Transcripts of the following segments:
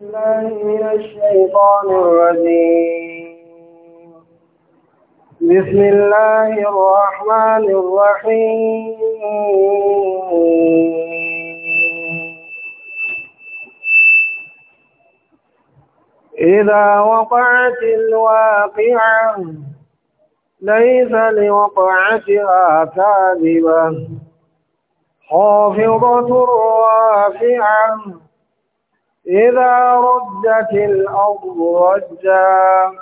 الشيطان الرجيم بسم الله الرحمن الرحيم إذا وقعت الواقعة ليس لوقعتها كاذبة خافضة رافعة إذا رجت الأرض رجا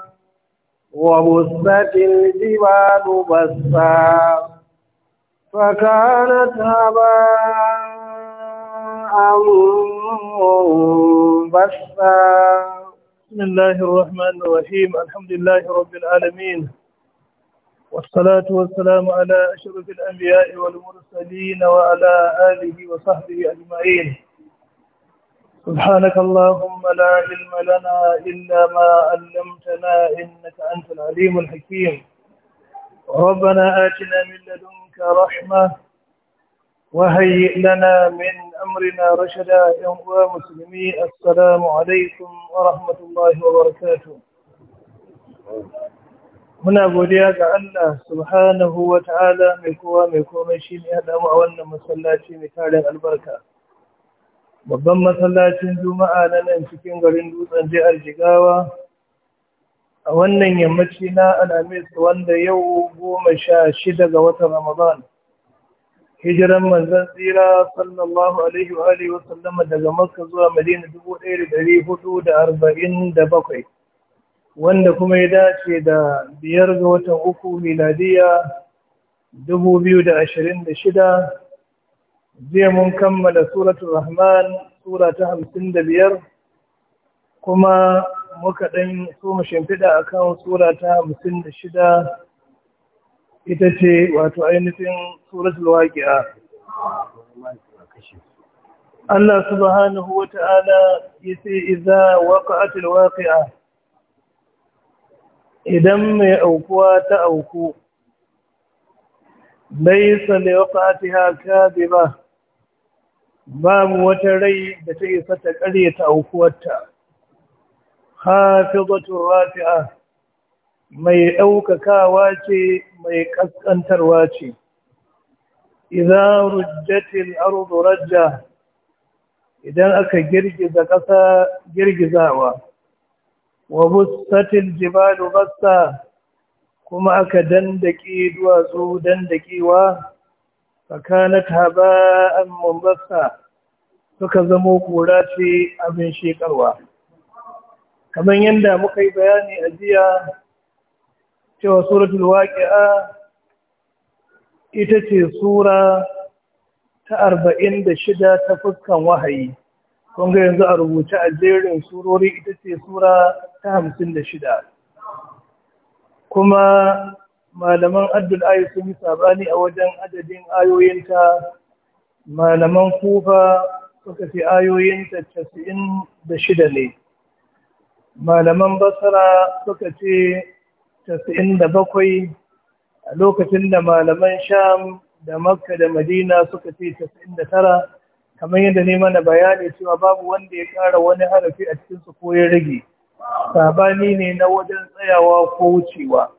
وبست الجبال بسا فكانت هباء منبثا بسم الله الرحمن الرحيم الحمد لله رب العالمين والصلاة والسلام على أشرف الأنبياء والمرسلين وعلى آله وصحبه أجمعين سبحانك اللهم لا علم لنا إلا ما علمتنا إنك أنت العليم الحكيم ربنا آتنا من لدنك رحمة وهيئ لنا من أمرنا رشدا يا مسلمي السلام عليكم ورحمة الله وبركاته muna godiya ga Allah subhanahu wa ta'ala mai kowa mai komai shi ne haɗa mu a wannan masallaci mai tarin albarka babban masallacin juma'a na nan cikin garin dutsen jihar jigawa a wannan yammaci na alhamis wanda yau goma sha shida ga watan ramadan hijiran manzan tsira sallallahu alaihi wa alihi wasallama daga makka zuwa madina dubu ɗaya da ɗari hudu da arba'in da bakwai wanda kuma ya dace da biyar ga watan uku miladiya dubu biyu da ashirin da shida jiya mun kammala suratul rahman sura ta hamsin da biyar kuma muka ɗan so mu shimfiɗa a kan sura ta hamsin da shida ita ce wato ainihin suratul waƙi'a Allah subhanahu wa ta'ala ya ce iza waƙa'atul waƙi'a idan mai aukuwa ta auku laisa li waqa'atiha ba. babu wata rai da ta isa ta ta aukuwarta hafizatun rafi'a mai ɗaukakawa ce mai ƙasƙantarwa ce idan rujjatin arzu rajja idan aka girgiza ƙasa girgizawa wa bussatin jibalu bassa kuma aka dandaki duwatsu wa? fakanat haba'an mumbasa suka zamo kura ce abin shekarwa kamar yadda muka yi bayani a jiya cewa suratul waqi'a ita ce sura ta arba'in da shida ta fuskan wahayi kunga yanzu a rubuce a jerin surori ita ce sura ta hamsin da shida kuma malaman addul ayu sun yi sabani a wajen adadin ayoyinta malaman kufa suka ce ayoyinta casa'in da shida ne malaman basara suka ce casa'in da bakwai a lokacin da malaman sham da makka da madina suka ce casa'in da tara kamar yadda ne mana bayani cewa babu wanda ya ƙara wani harafi a cikinsu ko ya rage sabani ne na wajen tsayawa ko wucewa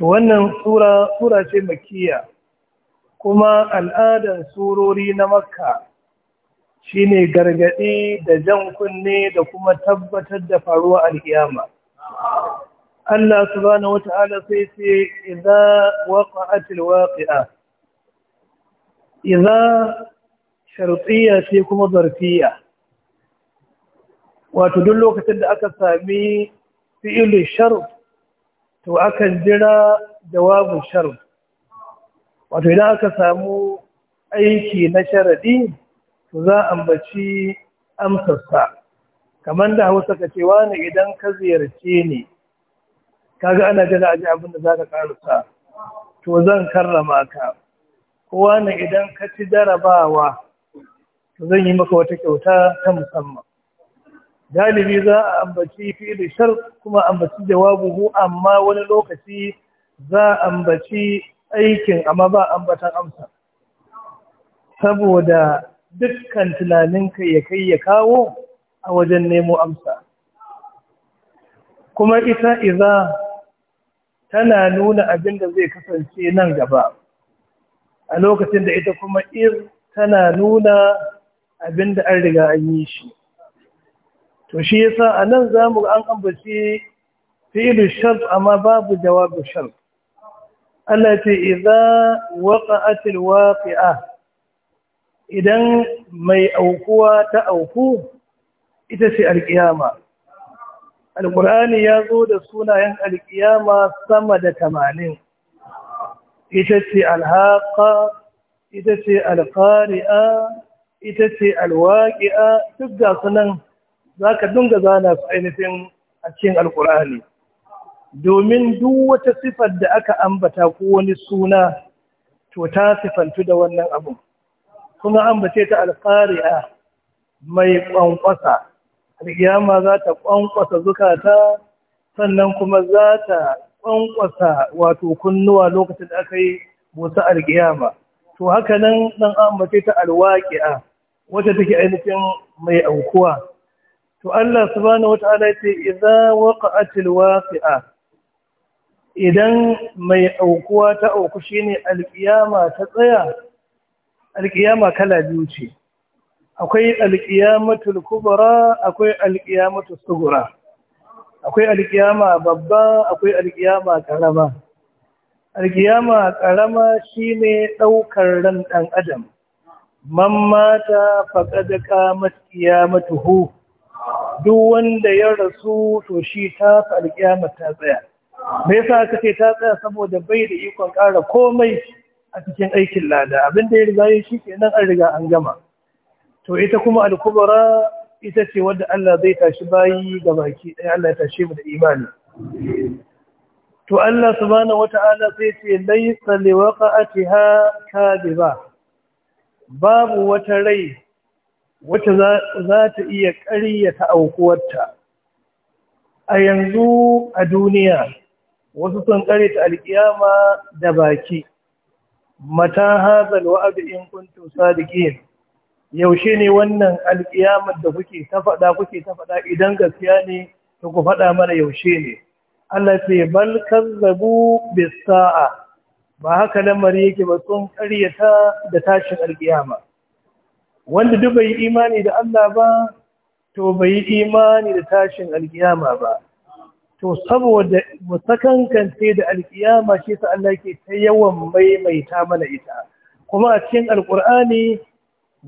wannan sura sura ce makiyya. kuma al'adan surori na makka shine gargaɗi da jan kunne da kuma tabbatar da faruwa alkiyama Allah subhanahu wata'ala sai ce idza waqa'atil waqi'a idza shartiyya ce kuma zarfiyya wato duk lokacin da aka sami fi'il sharf to akan jira jawabin sharf wato idan aka samu aiki na sharadi to za a ambaci amsarsa kamar da hausa ka ce wani idan ka ziyarce ni kaga ana jira a ji abin da za ka karusa to zan karrama ka kowa ne idan ka ci darabawa, to zan yi maka wata kyauta ta musamman galibi za a ambaci da shar kuma ambaci jawabuhu amma wani lokaci za a ambaci aikin amma ba ambatan amsa saboda dukkan tunaninka ya kai ya kawo a wajen nemo amsa kuma ita iza tana nuna abin da zai kasance nan gaba a lokacin da ita kuma ir tana nuna abin da an riga an yi shi to shi yasa a nan za mu an ambaci fi'ilin shart amma babu jawabin shart Allah ce idza waqa'atil waqi'a idan mai aukuwa ta auku ita ce alkiyama alkur'ani ya zo da sunayen alkiyama sama da tamanin ita ce alhaka ita ce alkari'a ita ce alwaƙi'a duk ga sunan za ka dunga zana su ainihin a cikin alkur'ani domin duk wata sifar da aka ambata ko wani suna to ta sifantu da wannan abu kuma ambace ta alƙari'a mai ƙwanƙwasa alƙiyama za ta ƙwanƙwasa zukata sannan kuma za ta ƙwanƙwasa wato kunnuwa lokacin da aka yi busa alƙiyama to haka nan ɗan ambace ta alwaƙi'a wata take ainihin mai aukuwa to Allah subhanahu wataala yace idza waqa'atil waqi'a idan mai aukuwa ta auku shine alkiyama ta tsaya alkiyama kala biyu ce akwai alkiyamatul kubra akwai alkiyamatul sughra akwai alkiyama babba akwai alkiyama karama alkiyama karama shine daukar ran dan adam man mata faqad qamat qiyamatuhu duk wanda ya rasu to shi ta fi alƙiyama ta tsaya me yasa aka ce ta tsaya saboda bai da ikon ƙara komai a cikin aikin lada abin da ya riga ya shi kenan an riga an gama to ita kuma alkubara ita ce wadda Allah zai tashi bayi ga baki ɗaya Allah ya tashe mu da imani to Allah subhanahu wata'ala sai ce laysa liwaqa'atiha kadiba babu wata rai wacce za ta iya ƙaryata aukuwarta a yanzu a duniya wasu sun ƙaryata alƙiyama da baki mata hazal abu in kuntum sadiqin yaushe ne wannan alƙiyamar da kuke ta faɗa kuke ta faɗa idan gaskiya ne to ku faɗa mana yaushe ne Allah ce bal kazzabu bis sa'a ba haka lamari yake ba sun ƙaryata da tashin alƙiyama wanda duk bai imani da Allah ba to bai yi imani da tashin alkiyama ba to saboda musakankance da alkiyama shi sa Allah ke ta yawan maimaita mana ita kuma a cikin alkur'ani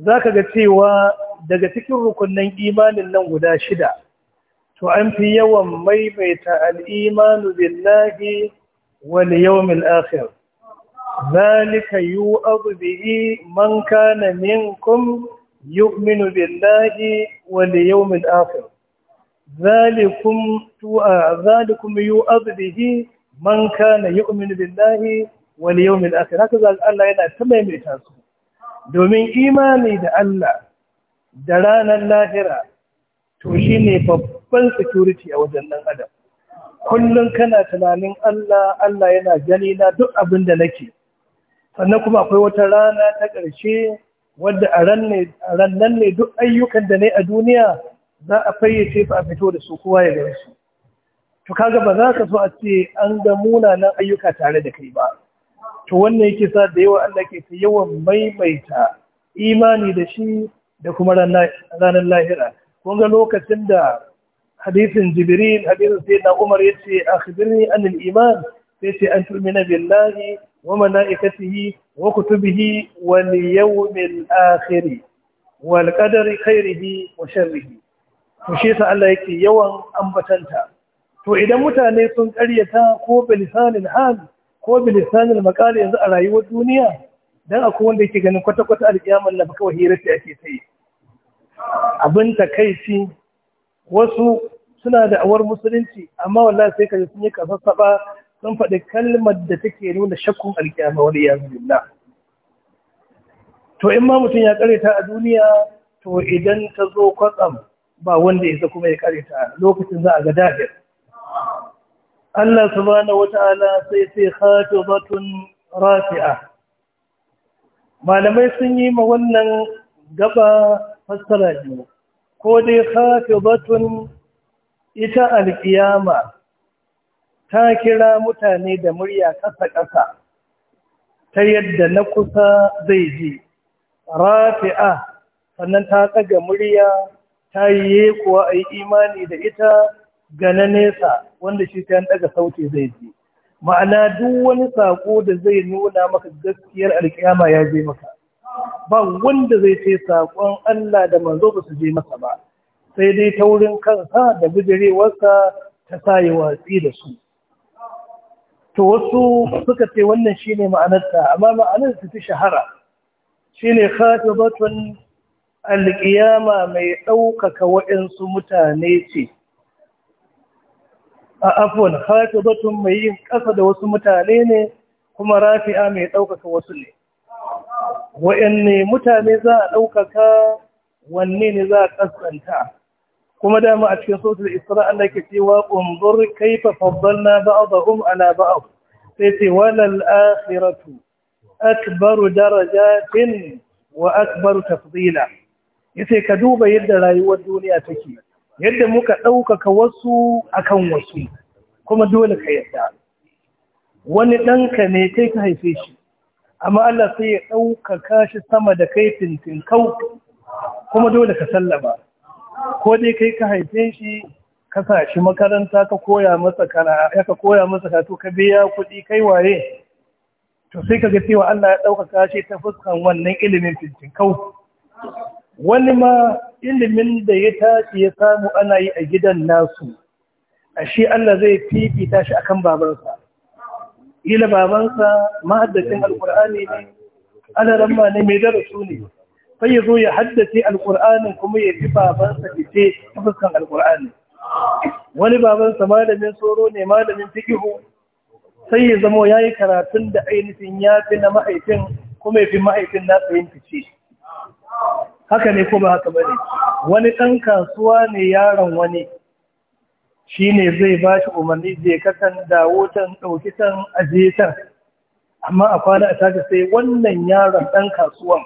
zaka ga cewa daga cikin rukunnan imanin nan guda shida to an fi yawan maimaita al'imanu billahi wal yawmil akhir ذلك يوأض به من كان منكم يؤمن بالله واليوم الآخر ذلكم ذلكم يوأض به man kana yu'minu billahi wal yawmil هكذا الله يدعى Allah yana دومين إيماني domin imani da Allah da ranar lahira to shine babban sikuriti a wajen nan adam kullun kana tunanin Allah Allah yana gani na duk abin da nake sannan kuma akwai wata rana ta ƙarshe wadda a rannan ne duk ayyukan da ne a duniya za a fayyace su a fito da su kowa ya gare su to kaga ba za ka so a ce an ga munanan ayyuka tare da kai ba to wannan yake sa da yawa Allah ke ta yawan maimaita imani da shi da kuma ranar lahira kun ga lokacin da hadisin jibril hadisin sai na umar ya ce akhbirni anil iman sai ce an na billahi wa mana malaikatihi wa kutubihi wal yawmil akhir wal qadari khairihi wa sharrihi to shi sa Allah yake yawan ambatanta to idan mutane sun karyata ko bilisanin hal ko bilisanin maqali yanzu a rayuwar duniya dan akwai wanda yake ganin kwata kwata alƙiyamar na kawai hira ce ake sai abin takaici wasu suna da awar musulunci amma wallahi sai kaje sun yi kasassaɓa sun faɗi kalmar da take nuna shakkun alƙiyama wani ya zubilla to in ma mutum ya ta a duniya to idan ta zo kwatsam ba wanda ya kuma ya ta lokacin za a ga dahir Allah subhanahu Ta'ala sai sai batun rafi'a malamai sun yi ma wannan gaba fassara biyu ko dai batun ita alƙiyama ta kira mutane da murya ƙasa-ƙasa ta yadda na kusa zai ji rafi'a sannan ta tsaga murya ta yi kuwa a yi imani da ita ga na nesa wanda shi ta ɗaga sauti zai ji ma'ana duk wani saƙo da zai nuna maka gaskiyar alƙiyama ya je maka ba wanda zai ce saƙon Allah da manzo ba su je masa ba sai dai taurin wurin kansa da bijirewarsa ta sa yi watsi da su to wasu suka ce wannan shi ne ma'anarta amma ma'anar su fi shahara Shi shine khatibatun alƙiyama mai ɗaukaka waɗansu mutane ce a afwan khatibatun mai yin ƙasa da wasu mutane ne kuma rafi'a mai ɗaukaka wasu ne waɗanne mutane za a ɗaukaka wanne ne za a ƙasanta kuma dama a cikin sautul isra Allah ke cewa unzur kaifa faddalna ba'dahum ala ba'd sai ce walal akhiratu akbaru darajatin wa akbaru tafdila yace ka duba yadda rayuwar duniya take yadda muka ɗaukaka wasu akan wasu kuma dole ka yadda wani ɗanka ne kai ka haife shi amma Allah sai ya ɗaukaka shi sama da kai fintinkau kuma dole ka sallama ko dai kai ka haife shi ka sa shi makaranta ka koya masa kana ka koya masa to ka biya kuɗi kai waye to sai ka ga cewa Allah ya ɗaukaka shi ta fuskan wannan ilimin fincin kau wani ma ilimin da ya tashi ya samu ana yi a gidan nasu a shi Allah zai fifita shi akan babansa ila babansa mahaddacin alkur'ani ne ana ramma ne mai darasu ne sai ya zo ya haddace alƙur'anin kuma ya fi babansa fice ta fuskan alƙur'ani wani babansa malamin tsoro ne malamin fikihu sai ya zamo ya yi karatun da ainihin ya fi na ma'aikin kuma ya fi ma'aikin na tsayin fice haka ne ko ba haka ba ne wani ɗan kasuwa ne yaron wani shi ne zai ba shi umarni je kasan dawo can ɗauki can can amma a kwana a tashi sai wannan yaron ɗan kasuwan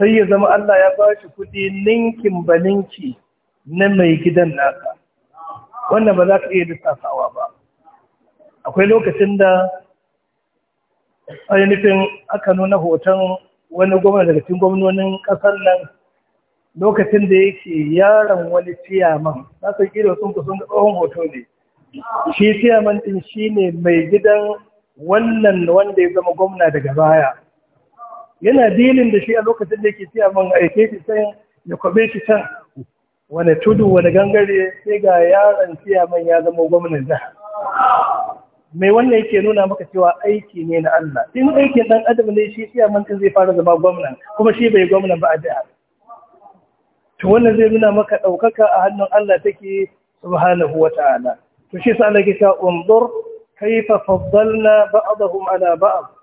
sai ya zama Allah ya ba shi kuɗi ninkin ba ninki na mai gidan nasa wannan ba za ka iya lissafawa ba akwai lokacin da ainihin aka nuna hoton wani gwamna daga cikin gwamnonin ƙasar nan lokacin da yake yaron wani ciyaman na san irin sun kusan tsohon hoto ne shi ciyaman ɗin shi ne mai gidan wannan wanda ya zama gwamna daga baya yana dilin da shi a lokacin da yake siya man aike shi sai ya kwabe shi can wani tudu wani gangare sai ga yaron siya man ya zama gwamnan mai wannan yake nuna maka cewa aiki ne na Allah in aikin dan adam ne shi siya man zai fara zama gwamnan kuma shi bai gwamnan ba a jihar to wannan zai nuna maka ɗaukaka a hannun Allah take subhanahu wa ta'ala to shi sa Allah ke cewa umdur kaifa faddalna ba'dahum ala ba'd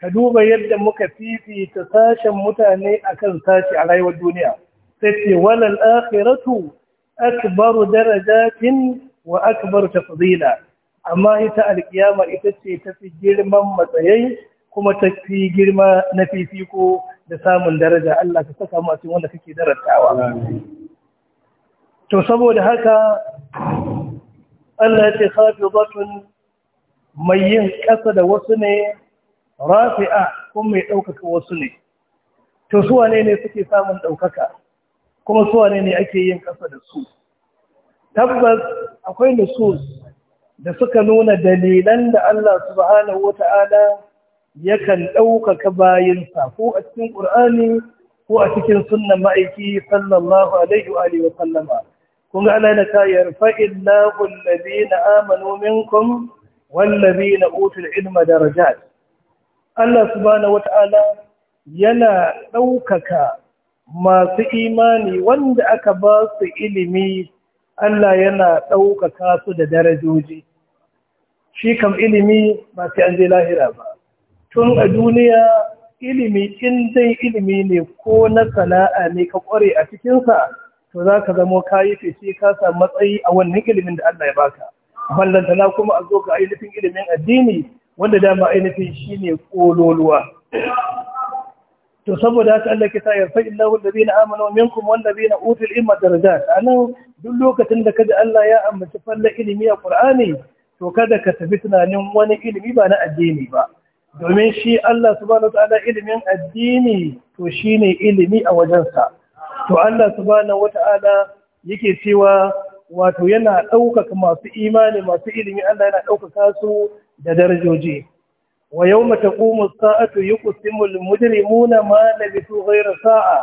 ka duba yadda muka fifita sashen mutane akan sashi a rayuwar duniya sai ce walal akhiratu akbaru darajatin wa akbaru tafdila amma ita alƙiyama ita ce ta fi girman matsayai kuma ta fi girma na fifiko da samun daraja Allah ka saka masu a cikin wanda kake darattawa to saboda haka Allah ya ce khafidatun mai yin ƙasa da wasu ne rafi'a kuma mai ɗaukaka wasu ne to su wane ne suke samun ɗaukaka kuma su wane ne ake yin ƙasa da su tabbas akwai nusus da suka nuna dalilan da Allah subhanahu wata'ala yakan ɗaukaka bayansa ko a cikin ƙur'ani ko a cikin sunnan ma'aiki sallallahu alaihi wa alihi wa sallama kun ga Allah na ta na illahu allazina amanu minkum wallazina ilma darajat Allah subhanahu wata'ala yana ɗaukaka masu imani wanda aka ba su ilimi Allah yana ɗaukaka su da darajoji shi kam ilimi ba sai an je lahira ba tun a duniya ilimi in dai ilimi ne ko na sana'a ne ka kware a cikinsa to za ka zamo kayi fice ka samu matsayi a wannan ilimin da Allah ya baka ballantana kuma a zo ga ainihin ilimin addini wanda dama ainihin shi ne ƙololuwa to saboda haka Allah kita ya fa illahu alladhina amanu minkum wal ladina utul daraja, a anan duk lokacin da kaji Allah ya amince fallan ilimi a Qur'ani to kada ka tafi tunanin wani ilimi ba na addini ba domin shi Allah subhanahu wataala ilimin addini to ne ilimi a wajensa to Allah subhanahu wataala yake cewa wato yana ɗaukaka masu imani masu ilimi Allah yana ɗaukaka su da darajoji wa yau matakumu sa’atu yi kusimul mujirimu na ma na bitu ghairu sa’a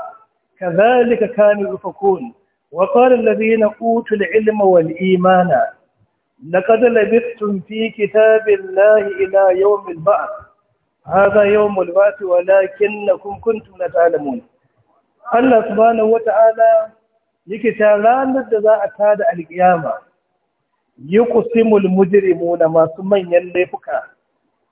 ka zalika kami rufakun wa ƙarin labina ƙutul ilma wal imana na ƙadar labittun fi kitabin lahi ila yau mulba’a ha za yau mulba’a wa lakin na kunkuntun na talamun Allah subhanahu wata’ala yake ta ranar da za a tada alƙiyama yi kusimul mujirimu da masu manyan laifuka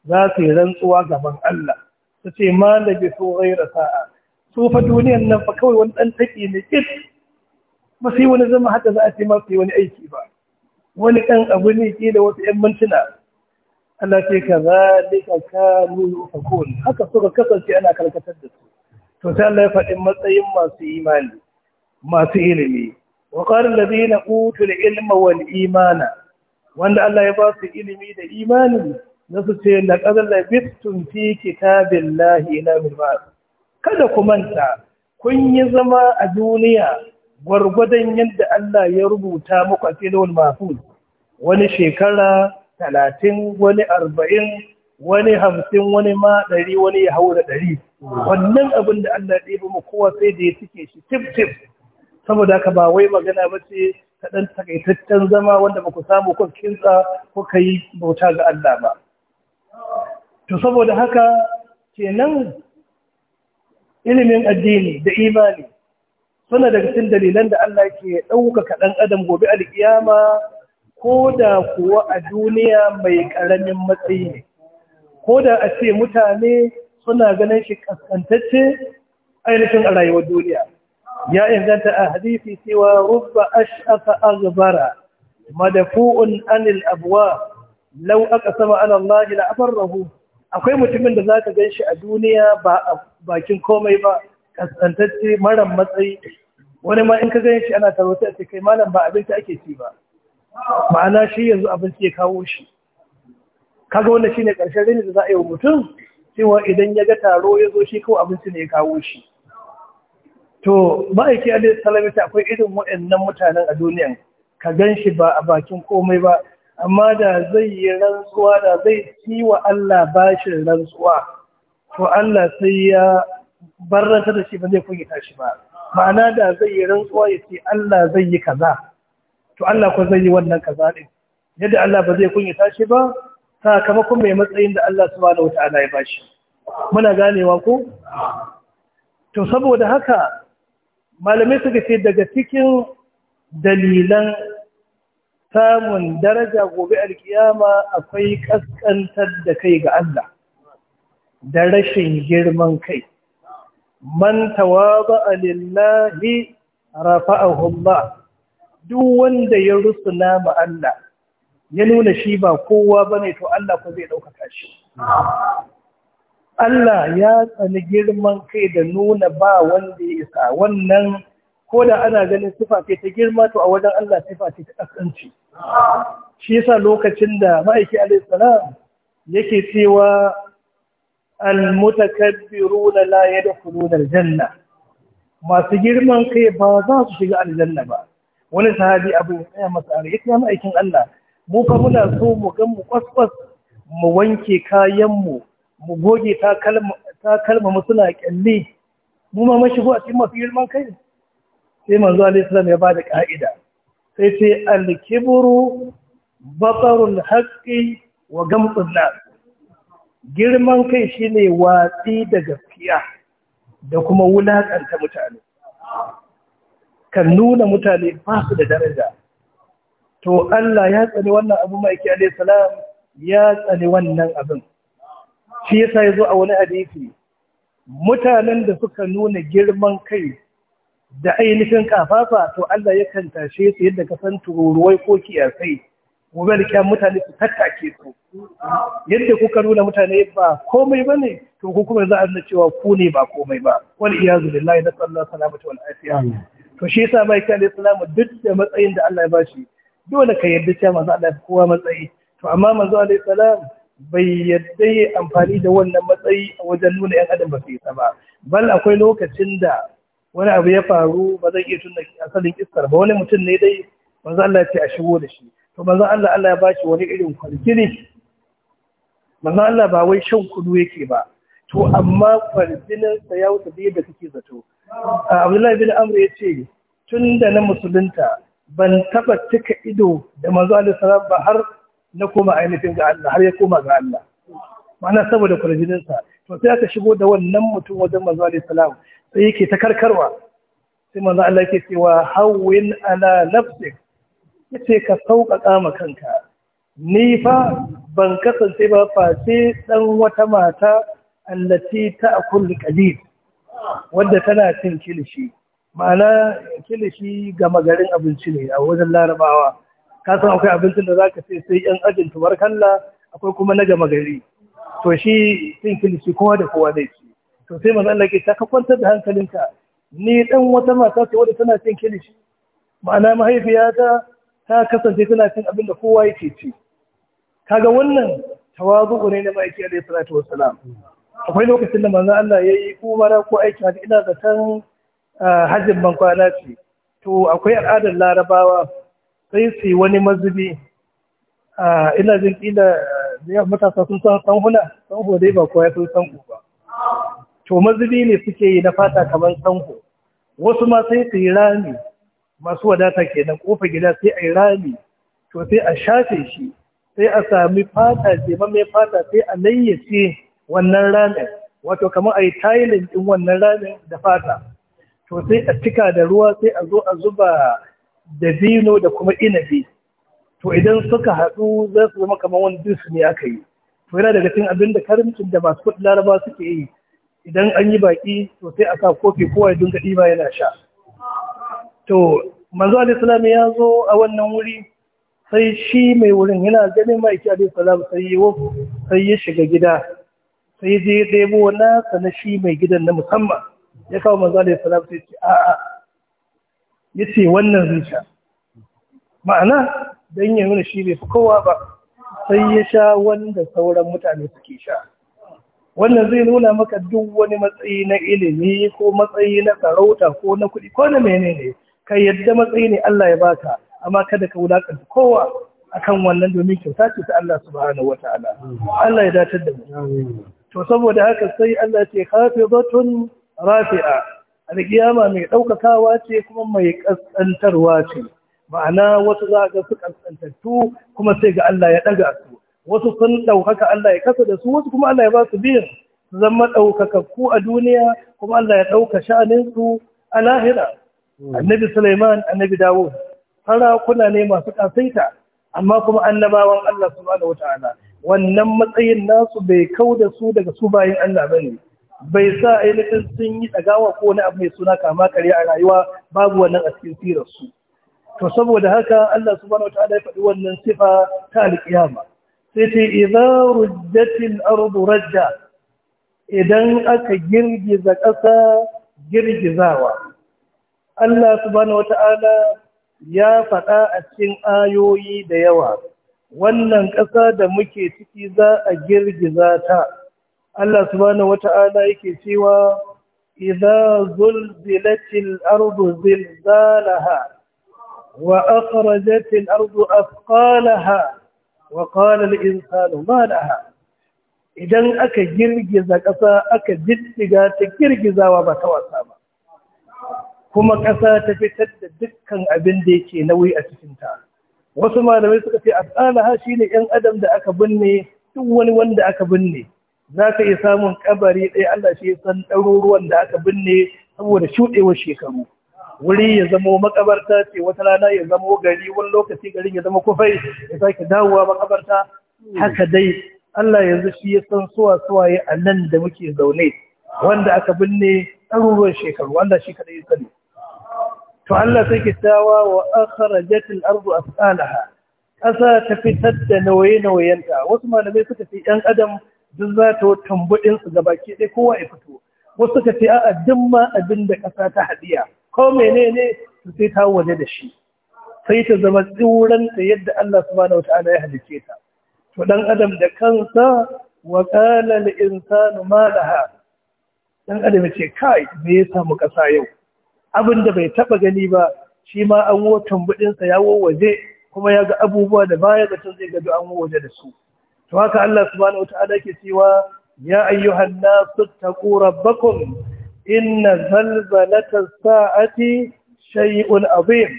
za su yi rantsuwa gaban Allah su ce ma da bi so sa'a su fa duniyan nan fa kawai wani ɗan taƙi ne kit ba su yi wani zama haka za a ce ma su yi wani aiki ba wani ɗan abu ne da wasu ‘yan mintuna Allah ce ka za ka ufa kowane haka suka kasance ana karkatar da su to ta Allah ya matsayin masu imani masu ilimi wa qala alladhina utul ilma imana wanda Allah ya ba su ilimi da imani na su ce laqad labistum fi kitabillahi kada ku manta kun yi zama a duniya gwargwadon yadda Allah ya rubuta muku a filin mafuz wani shekara talatin wani arba'in wani hamsin wani ma ɗari wani ya hau da ɗari wannan abin da Allah ɗaya mu kowa sai da ya cike shi tif tif saboda haka ba wai magana ba ce ta ɗan takaitaccen zama wanda ba ku samu ko kinsa ko ka yi bauta ga Allah ba to saboda haka kenan ilimin addini da imani suna daga cikin dalilan da Allah ke ɗaukaka ɗan adam gobe alƙiyama ko da kuwa a duniya mai ƙaramin matsayi ne ko da a ce mutane suna ganin shi ƙasƙantacce ainihin a rayuwar duniya ya inganta a hadisi cewa rubba ash'afa aghbara madfu'un anil abwa law aqsama ala Allah la afarahu akwai mutumin da zaka ganshi a duniya ba bakin komai ba kasantacce maran matsayi wani ma in ka ganshi ana tarwata ce kai malam ba abinci ake ci ba ma'ana shi yanzu abinci ya kawo shi kaga wannan shine karshen rini da za a yi wa mutum cewa idan ya ga taro ya zo shi kawai abinci ne ya kawo shi to ma'aiki alaihi salam ta akwai irin waɗannan mutanen a duniya ka gan shi ba a bakin komai ba amma da zai yi rantsuwa da zai yi wa Allah bashin rantsuwa to Allah sai ya barranta da shi ba zai kuyi shi ba ma'ana da zai yi rantsuwa ya ce Allah zai yi kaza to Allah ko zai yi wannan kaza ne. yadda Allah ba zai kuyi shi ba sakamakon mai matsayin da Allah su wata ana ya bashi muna ganewa ko to saboda haka malamai suka ce daga cikin dalilan samun daraja gobe alkiyama akwai kaskantar da kai ga Allah da rashin girman kai man tawaba Alillahi rafa'ahu Allah duk wanda ya rusuna ma Allah ya nuna shi ba kowa bane to Allah ko zai ɗaukaka shi Allah ya tsani girman kai da nuna ba wanda ya isa wannan ko da ana ganin sifa ce ta girma to a wajen Allah sifa ce ta kasance shi yasa lokacin da ma'aiki alaihi salam yake cewa al-mutakabbiruna la yadkhuluna al-janna masu girman kai ba za su shiga aljanna ba wani sahabi abu ya tsaya masa a ya ma'aikin Allah mu fa muna so mu gan mu kwaskwas mu wanke kayan mu mu goge ta kalma masu laƙalli. mu ma mashigo a cikin masu girman kai sai manzo alaihi ya ya da ƙa'ida. sai sai al-kibru batarul wa gamtun nas girman kai shine watsi da gaskiya da kuma wulaƙanta mutane kan nuna mutane ba da daraja to Allah ya tsani wannan abu mai alaihi salam ya tsani wannan abin shi yasa ya zo a wani hadisi mutanen da suka nuna girman kai da ainihin kafafa to Allah ya kan tashe su yadda ka san tururuwai ko kiyasai gobe da kyan mutane su tattake su yadda kuka nuna mutane ba komai ba to ku kuma za a nuna cewa ku ne ba komai ba wal iyazu billahi na sallallahu salamatu wa sallam to shi yasa mai kan islamu duk da matsayin da Allah ya bashi dole ka yarda cewa manzo Allah ya kowa matsayi to amma manzo alaihi salam bai yadda ya amfani da wannan matsayi a wajen nuna ‘yan adam ba su yi ba bal akwai lokacin da wani abu ya faru ba zai iya tuna asalin iskar ba wani mutum ne dai manzo Allah ya ce a shigo da shi to manzo Allah Allah ya bashi wani irin kwalkini manzo Allah ba wai shan kudu yake ba to amma kwalkinin sa ya wuce da kake zato Abdullahi bin Amr ya ce tun da na musulunta ban taba tuka ido da manzo Allah sallallahu ba har na koma ainihin ga Allah har ya koma ga Allah ma'ana saboda kwarjininsa to sai aka shigo da wannan mutum wajen manzo alaihi salam sai yake ta karkarwa sai manzo Allah yake cewa hawwin ala nafsik yace ka sauƙaƙa ma kanka ni fa ban kasance ba face dan wata mata allati ta'kul qalil wadda tana cin kilishi ma'ana kilishi gama garin abinci ne a wajen larabawa ka san akwai abincin da za ka ce sai yan ajin kalla akwai kuma na gama gari to shi cin kilishi kowa da kowa zai ci to sai manzo Allah ke ta ka kwantar da hankalinka ni dan wata mata ce wadda tana cin kilishi ma'ana mahaifiyata ta kasance tana cin abin da kowa yake ci kaga wannan tawazu ne na ma'aiki alayhi salatu wassalam akwai lokacin da manzo Allah ya yi umara ko aikin hajji ina zaton ah, hajjin ban kwana ce to akwai al'adar larabawa sai su wani mazubi ina jin kila matasa sun san sanhuna sanho dai ba kowa ya san sanho ba to mazubi ne suke yi na fata kamar sanho wasu ma sai su yi rami masu wadata ke nan kofa gida sai a yi rami to sai a shafe shi sai a sami fata jema mai fata sai a layyace wannan ramin wato kamar a yi tayilin ɗin wannan ramin da fata to sai a cika da ruwa sai a zo a zuba Da dabino da kuma inabi to idan suka haɗu za su zama kamar wani jus ne aka yi to yana daga cikin abin da karimcin da masu kuɗi laraba suke yi idan an yi baƙi to sai a sa kofi kowa ya dinga ɗiba yana sha to manzo alaihi ya zo a wannan wuri sai shi mai wurin yana ganin ki alaihi salam sai ya sai ya shiga gida sai ya je ya nasa na shi mai gidan na musamman ya kawo manzo alaihi salam sai ce a'a ya ce wannan zai sha ma'ana Dan ya nuna shi bai fi kowa ba sai ya sha wanda sauran mutane suke sha wannan zai nuna maka duk wani matsayi na ilimi ko matsayi na sarauta ko na kuɗi ko na menene ka yadda matsayi ne Allah ya baka amma kada ka wulaƙanta kowa akan wannan domin kyauta ce ta Allah subhanahu wataala Allah ya datar da mu to saboda haka sai Allah ya ce khafidatun rafi'a alkiyama mai ɗaukakawa ce kuma mai ƙasƙantarwa ce ma'ana wasu za ga su ƙasƙantattu kuma sai ga Allah ya ɗaga su wasu sun ɗaukaka Allah ya kasa da su wasu kuma Allah ya ba su biyan su zama ɗaukakakku a duniya kuma Allah ya ɗauka su a lahira hmm. annabi Sulaiman annabi Dawud sarakuna ne masu kasaita amma kuma annabawan Allah subhanahu wata'ala wannan matsayin nasu bai kau da su daga su bayin Allah bane bai sa ainihin sun yi ɗagawa ko wani abu mai suna kama kare a rayuwa babu wannan a cikin sirarsu to saboda haka Allah subhanahu wataala ya faɗi wannan sifa ta alƙiyama sai ce idza rujjatil ardu rajja idan aka girgiza ƙasa girgizawa Allah subhanahu wataala ya faɗa a cikin ayoyi da yawa wannan ƙasa da muke ciki za a girgiza ta Allah subhanahu wata'ala yake cewa idza zulzilatil ardu zilzalaha wa akhrajatil ardu athqalaha wa qala al insanu ma laha idan aka girgiza ƙasa aka jiddiga ta girgizawa ba ta wasa ba kuma ƙasa ta fitar da dukkan abin da yake nauyi a cikin ta. wasu malamai suka ce asalaha shine yan adam da aka binne duk wani wanda aka binne za ka iya samun kabari ɗaya Allah shi san ɗaruruwan da aka binne saboda shuɗewar shekaru wuri ya zamo makabarta ce wata rana ya zamo gari wani lokaci garin ya zama kufai ya sake dawowa makabarta haka dai Allah yanzu shi ya san suwa ya a nan da muke zaune wanda aka binne ɗaruruwan shekaru Allah shi kaɗai sani to Allah sai ki tawa wa arzu ardu asqalaha ƙasa ta fitar da nauye-nauyenta wasu malamai suka ce ‘yan adam duk za ta tambudin su ke ɗaya kowa ya fito wasu suka ce a'a duk ma abin da ƙasa ta haɗiya, ko menene su sai ta waje da shi sai ta zama tsiran ta yadda Allah subhanahu wataala ya halice ta to dan adam da kansa wa qala lil insanu ma laha dan adam ce kai me ya samu ƙasa yau abin da bai taɓa gani ba shi ma an wo tambudin ya waje kuma ya ga abubuwa da baya da zai ga an waje da su to haka Allah subhanahu wataala ke cewa ya ayyuhan nasu taqu rabbakum inna zalzalatas sa'ati shay'un azim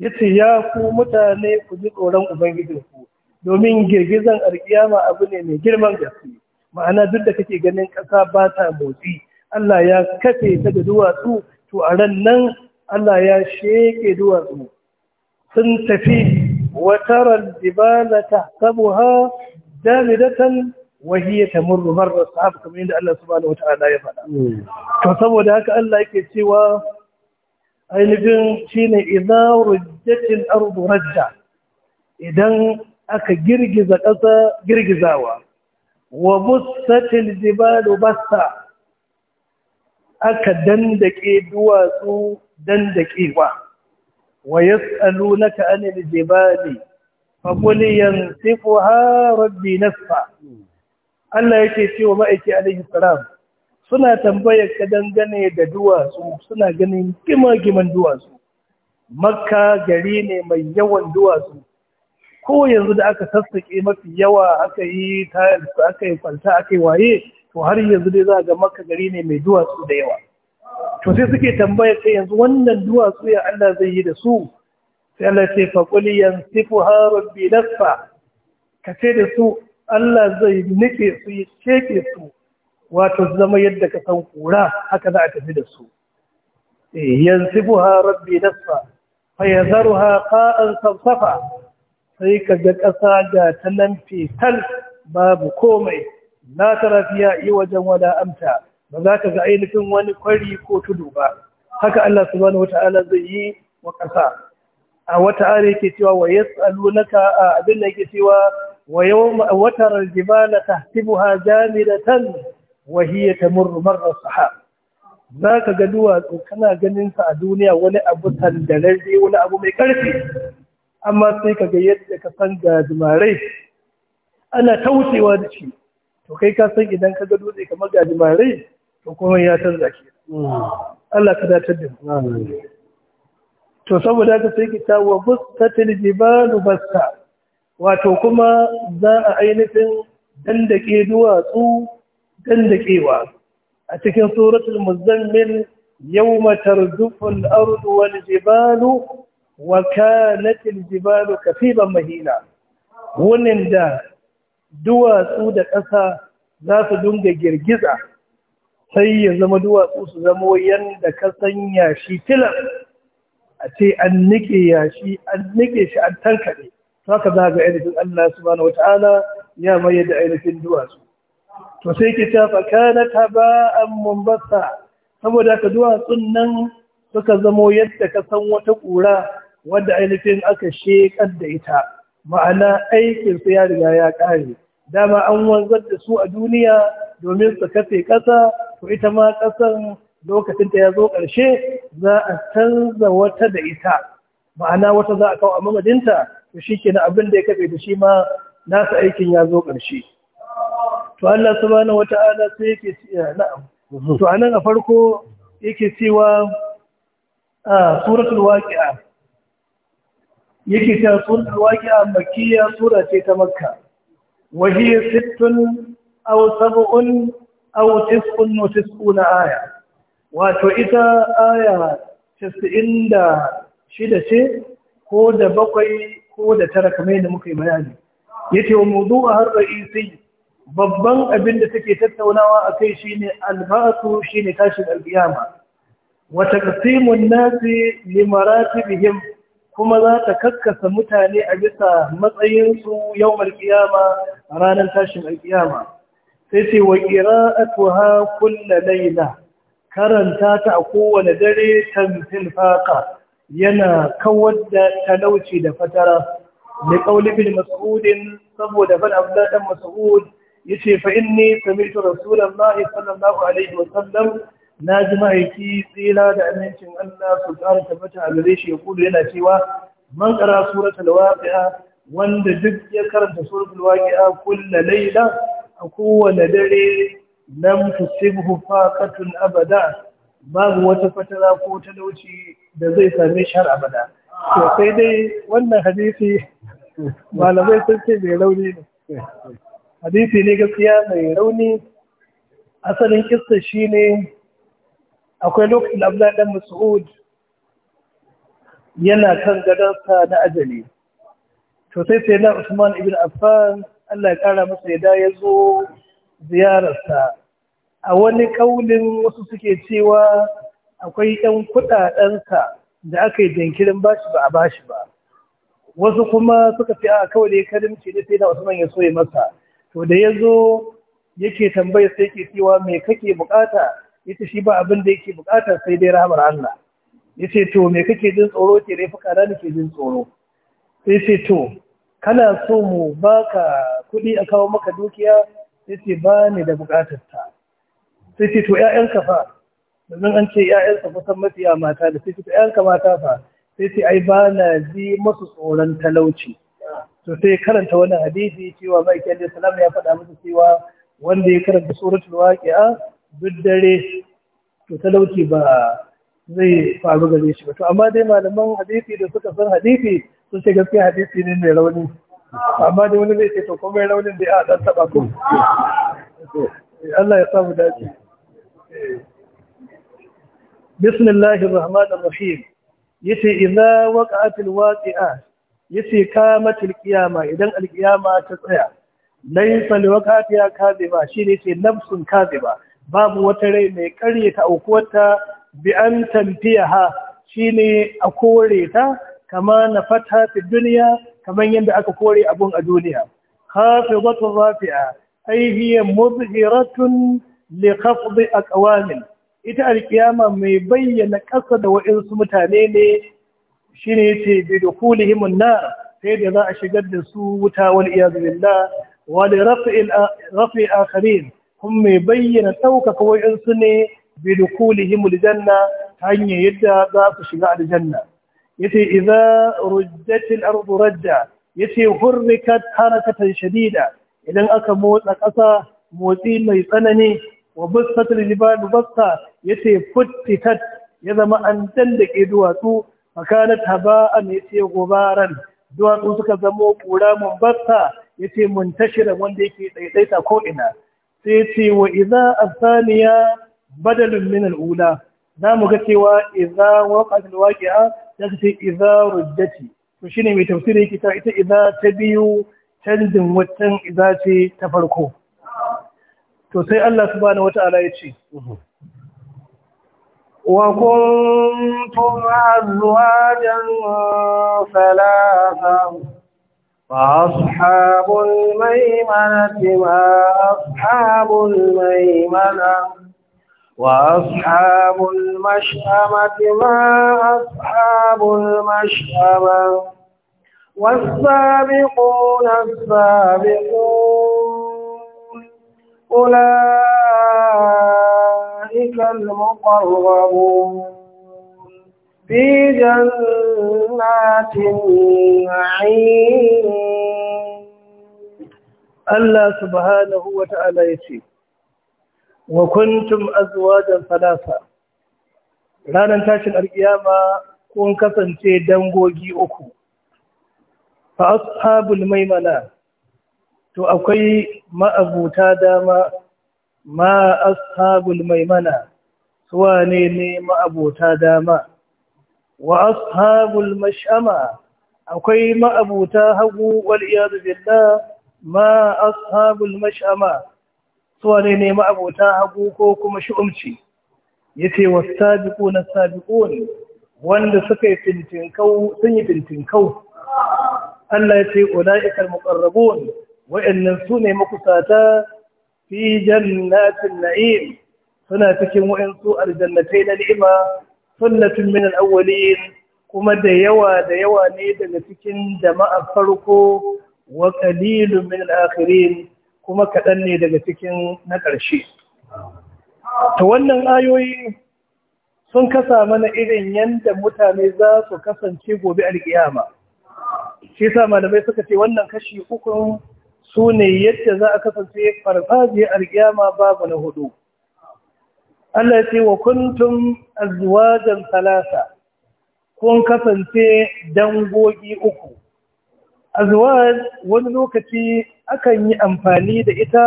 yace ya ku mutane ku ji tsoron ku. domin girgizan alkiyama abu ne mai girman gaske ma'ana duk da kake ganin ƙasa ba ta motsi Allah ya kafe ta da duwatsu to a ran nan Allah ya sheke duwatsu sun tafi watarar dibala tahsabuha jamidatan wahiyya tamurru marra sahaba kamar yadda Allah subhanahu wataala ya faɗa to saboda haka Allah yake cewa ainihin shine idza rujjatil ardu rajja idan aka girgiza ƙasa girgizawa wa bussatil jibalu bassa aka dandake duwatsu dandakewa wa yas'alunaka anil jibali فقل ينصفها ربي نصفا Allah yake cewa ma'aiki alaihi salam suna tambayar ka dangane da duwatsu suna ganin gima-giman duwatsu makka gari ne mai yawan duwatsu ko yanzu da aka sassake mafi yawa aka yi tiles aka yi kwanta aka yi waye to har yanzu dai za ga makka gari ne mai duwatsu da yawa to sai suke tambaya ka yanzu wannan duwatsu ya Allah zai yi da su sai Allah ce faƙuli yansifu harun bi ka ce da su Allah zai nike su ya sheke su wato zama yadda ka san kura haka za a tafi da su eh, yansifu harun bi nasfa fa yazaruha qa'an safsafa sai ka ga ƙasa ga ta nan fetal babu komai na tara fiya yi wajen wala amta ba za ka ga ainihin wani kwari ko tudu ba haka Allah subhanahu wata'ala zai yi wa ƙasa a wata ari ke cewa wa ya a abin da yake cewa wa yawma watar da tan jamidatan wa hiya tamurru marra Za ka ga duwatsu kana ganin sa a duniya wani abu tandararre wani abu mai karfi amma sai ka ga yadda ka san jimarai ana taucewa da shi to kai ka san idan ka ga dutse kamar jimarai to kuma ya canza ke mm. Allah ka da mu to saboda ta sai ki tawa bustatil jibalu basta wato kuma za a ainihin dandake duwatsu dandakewa a cikin suratul muzammil yawma tarjufu al-ardu wal jibalu wa kanat al-jibalu kafiban mahina wannan da duwatsu da ƙasa za su dunga girgiza sai ya zama duwatsu su zama yanda ka sanya shi tilan a ce an nike yashi an nike shi an tankade to haka za ga ainihin Allah subhanahu wata'ala ya mayar da ainihin duwatsu to sai ke ta fa kana taba'an mumbasa saboda ka duwatsun nan suka zamo yadda ka san wata kura wanda ainihin aka shekar da ita ma'ana aikin su ya riga ya kare dama an wanzar da su a duniya domin su kafe kasa to ita ma kasan lokacin ta ya zo ƙarshe za a canza wata da ita ma'ana wata za a kawo a mamadinta to shi ke na abin da ya kafe da shi ma nasa aikin ya zo ƙarshe to Allah subhanahu wata'ala sai yake eh, na'am mhm. to anan a farko yake cewa a suratul waqi'a yake cewa suratul waqi'a makkiya sura ce ta makka wa hiya sittun aw sab'un aw tis'un wa tis'una aya wato ita aya 96 ce ko da bakwai ko da tara kamar yadda muka yi bayani yace wa mawdu'a har ra'isi babban abin da take tattaunawa akai shine al shine tashin al-qiyama wa taqsimun nasi li maratibihim kuma za ta kakkasa mutane a bisa matsayinsu yawmar qiyama ranar tashin al-qiyama sai ce wa qira'atuha kullu layla karanta ta a kowane dare tamfil faqa yana kawar da talauci da fatara li qawli bil mas'ud saboda fal abdullah dan mas'ud yace fa inni sami'tu rasulullahi sallallahu alaihi wa sallam naji ma'aiki tsira da amincin Allah su tsara tabbata a gare shi ya kudu yana cewa man ƙara suratul waqi'a wanda duk ya karanta suratul waqi'a kulla laila a kowane dare lam tusibhu faqatun abada babu wata fatara ko talauci da zai same shi har abada to sai dai wannan hadisi malamai sun ce mai rauni ne hadisi ne gaskiya mai rauni asalin kissa shine akwai lokacin Abdullahi dan Mas'ud yana kan gadonsa na ajali to sai sai na Usman ibn Affan Allah ya kara masa yada ya zo ziyararsa a wani ƙaunin wasu suke cewa akwai 'yan kuɗaɗensa da aka yi jinkirin bashi ba a bashi ba wasu kuma suka fi a kawai da ya karimci da sai da usman ya so ya masa to da ya zo yake tambaya sai ke cewa me kake bukata ce shi ba abin da yake bukata sai dai rahamar Allah Ya ce to me kake jin tsoro ke rai fuka na nake jin tsoro sai ce to kana so mu baka kuɗi a kawo maka dukiya yace ba ni da bukatar ta sai ce to ƴaƴanka fa domin an ce ƴaƴanka kusan mafiya mata da sai ce ƴaƴanka mata fa sai ce ai ba na ji masu tsoron talauci to sai karanta wani hadisi cewa mai da salam ya faɗa musu cewa wanda ya karanta suratul waqi'a duk dare to talauci ba zai faru gare shi ba to amma dai malaman hadisi da suka san hadisi sun ce gaskiya hadisi ne mai rauni amma da wani zai ce to kuma raunin da ya dan taba ku Allah ya samu dace bismillahir rahmanir rahim yace idza waqa'atil waqi'a yace kamatil qiyama idan alqiyama ta tsaya laysa liwaqatiha kadhiba shine yace nafsun kadhiba babu wata rai mai karye karyata aukuwarta bi an tantiyaha shine a kore ta kama na fata fi duniya kaman yadda aka kore abun a duniya hafizatul rafi'a ai hiya muzhiratun li khafd aqwamin ita alkiyama mai bayyana ƙasa da wa'insu mutane ne shine yace bi dukhulihim an-nar sai da za a shigar da su wuta wal iyad billah wa li raf'i raf'i akharin hum mai bayyana ɗaukaka wa'insu ne bi dukhulihim al-janna ta hanyar yadda za su shiga aljanna yace idza rujjatil ardu rajja yace hurrikat harakatan shadida idan aka motsa ƙasa motsi mai tsanani wa busfatul jibal basta yace futtitat ya zama an dandake duwatsu fakanat haba'an yace gobaran duwatsu suka zamo kura mun basta yace muntashira wanda yake daidaita ko ina sai yace wa idza asaniya badalun min al-ula mu ga cewa idza waqa'at al-waqi'a za ka ce idza to shine mai tafsiri yake ta ita iza ta biyu canjin waccan idza ce ta farko to sai Allah subhanahu wata'ala ya ce wa kuntum azwajan salasa, فأصحاب الميمنة ما أصحاب الميمنة وأصحاب المشأمة ما أصحاب المشأمة والسابقون السابقون أولئك المقربون في جنات النعيم الله سبحانه وتعالى يسير wa kuntum azwajan salasa ranar tashin alkiyama kun kasance dangogi uku fa ashabul maimana to akwai ma'abuta dama ma ashabul maimana suwa ne ne ma'abuta dama wa ashabul mash'ama akwai ma'abuta hagu wal iyad billah ma ashabul mash'ama suwane ne ma'abota hagu ko kuma shi'umci ya ce wa sabiƙo na sabiƙo wanda suka yi fintinkau fintinkau Allah ya ce ula'ikal muqarrabun wa'annan su ne makusata fi jannatin na'im suna cikin wa'ansu aljannatai na ni'ima sunnatun min al-awwalin kuma da yawa da yawa ne daga cikin jama'a farko wa kalilun min al-akhirin kuma kaɗan ne daga cikin na ƙarshe. Ta wannan ayoyi sun kasa mana irin yadda mutane za su kasance gobe alƙiyama Shi sa malamai suka ce wannan kashi ukun su ne yadda za a kasance farfajiyar alkiyama babu na hudu. Allah ce wa kuntum azuwajen Salasa kun kasance dangogi uku. azwaj wani lokaci akan yi amfani da ita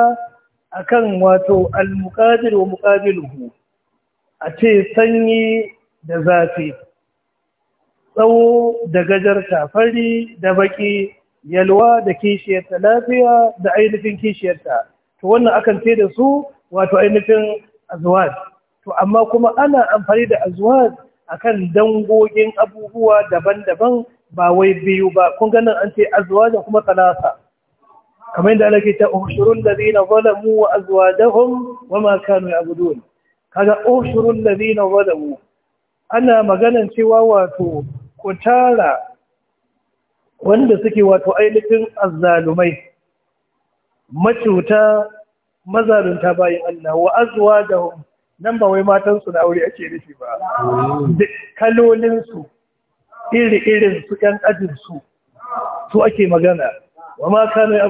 akan wato al-muqabil wa muqabiluhu a ce sanyi da zafi tsawo da gajarta fari da baki yalwa da kishiyarta lafiya da ainihin kishiyarta to wannan akan ce da su wato ainihin azwaj to amma kuma ana amfani da azwaj akan dangogin abubuwa daban-daban ba wai biyu ba kun ganin an ce azwaja kuma talata kamar da Allah ta ushurul ladina zalamu wa azwajahum wa ma kanu ya'budun kaga ushurul ladina zalamu ana maganan cewa wato kutara, wanda suke wato ainihin azzalumai macuta mazalunta bayan Allah wa azwajahum nan ba wai matansu na aure ake nufi ba kalolinsu iri-irin su ƴan ajinsu su ake magana, wa ma kanu ya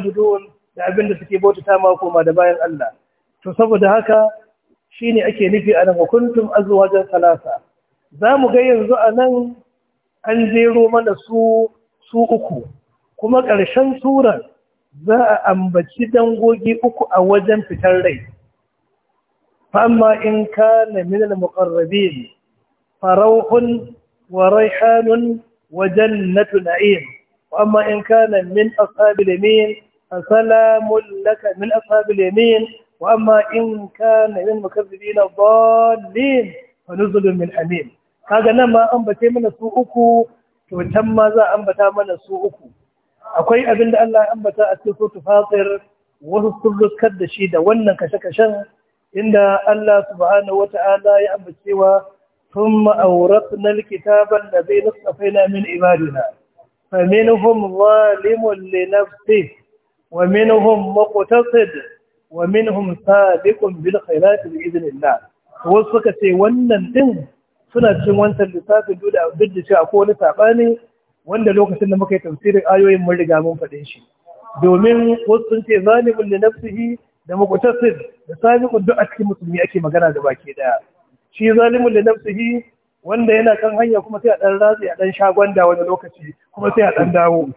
da abin da suke mako ma da bayan Allah. To saboda haka shi ne ake nufi a nan hukuntum wajen salasa. Za mu ga yanzu a nan an jero mana su uku, kuma ƙarshen surar za a ambaci dangogi uku a wajen fitar rai. amma in ka na minal muƙarrabi farauhun وريحان وجنة نعيم وأما إن كان من أصحاب اليمين فسلام لك من أصحاب اليمين وأما إن كان من المكذبين الضالين فنزل من حميم هذا نما أنبتي من سوءكو وتم ماذا أنبتا من سوءكو akwai abin da Allah ambata a cikin sotu fatir wasu sun ruskar da shi da wannan kashe-kashen inda Allah subhanahu wa ta'ala ya ambacewa ثم أورثنا الكتاب الذين اصطفينا من عبادنا فمنهم ظالم لنفسه ومنهم مقتصد ومنهم صادق بالخيرات بإذن الله وسكا سي wannan din suna cikin wancan lissafin duk da duk da cewa wani sabani wanda lokacin da muka yi tafsirin ayoyin marigamin riga shi domin wasu sun ce da muqtasid da sabiqun a cikin musulmi ake magana da baki daya shi zalimin da nafsihi wanda yana kan hanya kuma sai a dan ratsi a dan shagon da wani lokaci kuma sai a dan dawo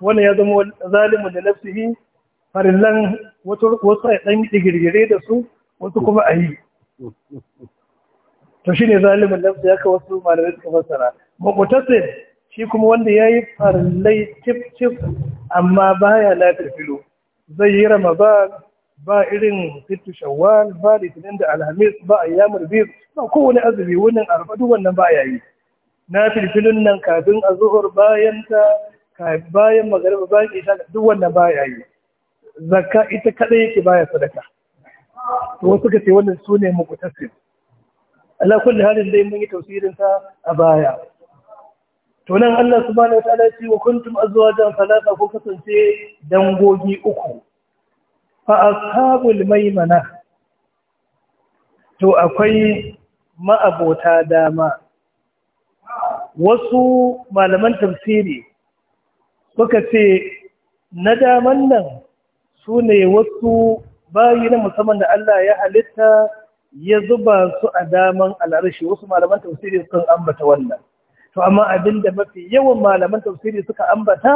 wannan ya zama zalimin da nafsihi farillan wasu wasu a dan digirgire da su wasu kuma a yi to shine zalimin nafsi haka wasu malamai suka fassara muqtasid shi kuma wanda yayi farillai tip tip amma baya la filo. zai yi ramadan ba irin fitu shawwal ba litinin da alhamis ba a yamur biyu ba kowane azumi wannan arfadu duk wannan ba yayi na filfilin nan kafin zuhur bayan ta bayan magariba bayan isha duk wannan ba yayi zakka ita kadai yake baya sadaka to wasu ka ce wannan sune muqtasib ala kulli halin dai mun yi tafsirin sa a baya to nan Allah subhanahu wa ta'ala ya ce wa kuntum azwajan salasa ko kasance dangogi uku fa ashabul maimana to akwai ma'abota dama wasu malaman tafsiri suka ce na daman nan su ne wasu bayi na musamman da Allah ya halitta ya zuba su a daman al'arshi wasu malaman tafsiri sun ambata wannan to amma abinda mafi yawan malaman tafsiri suka ambata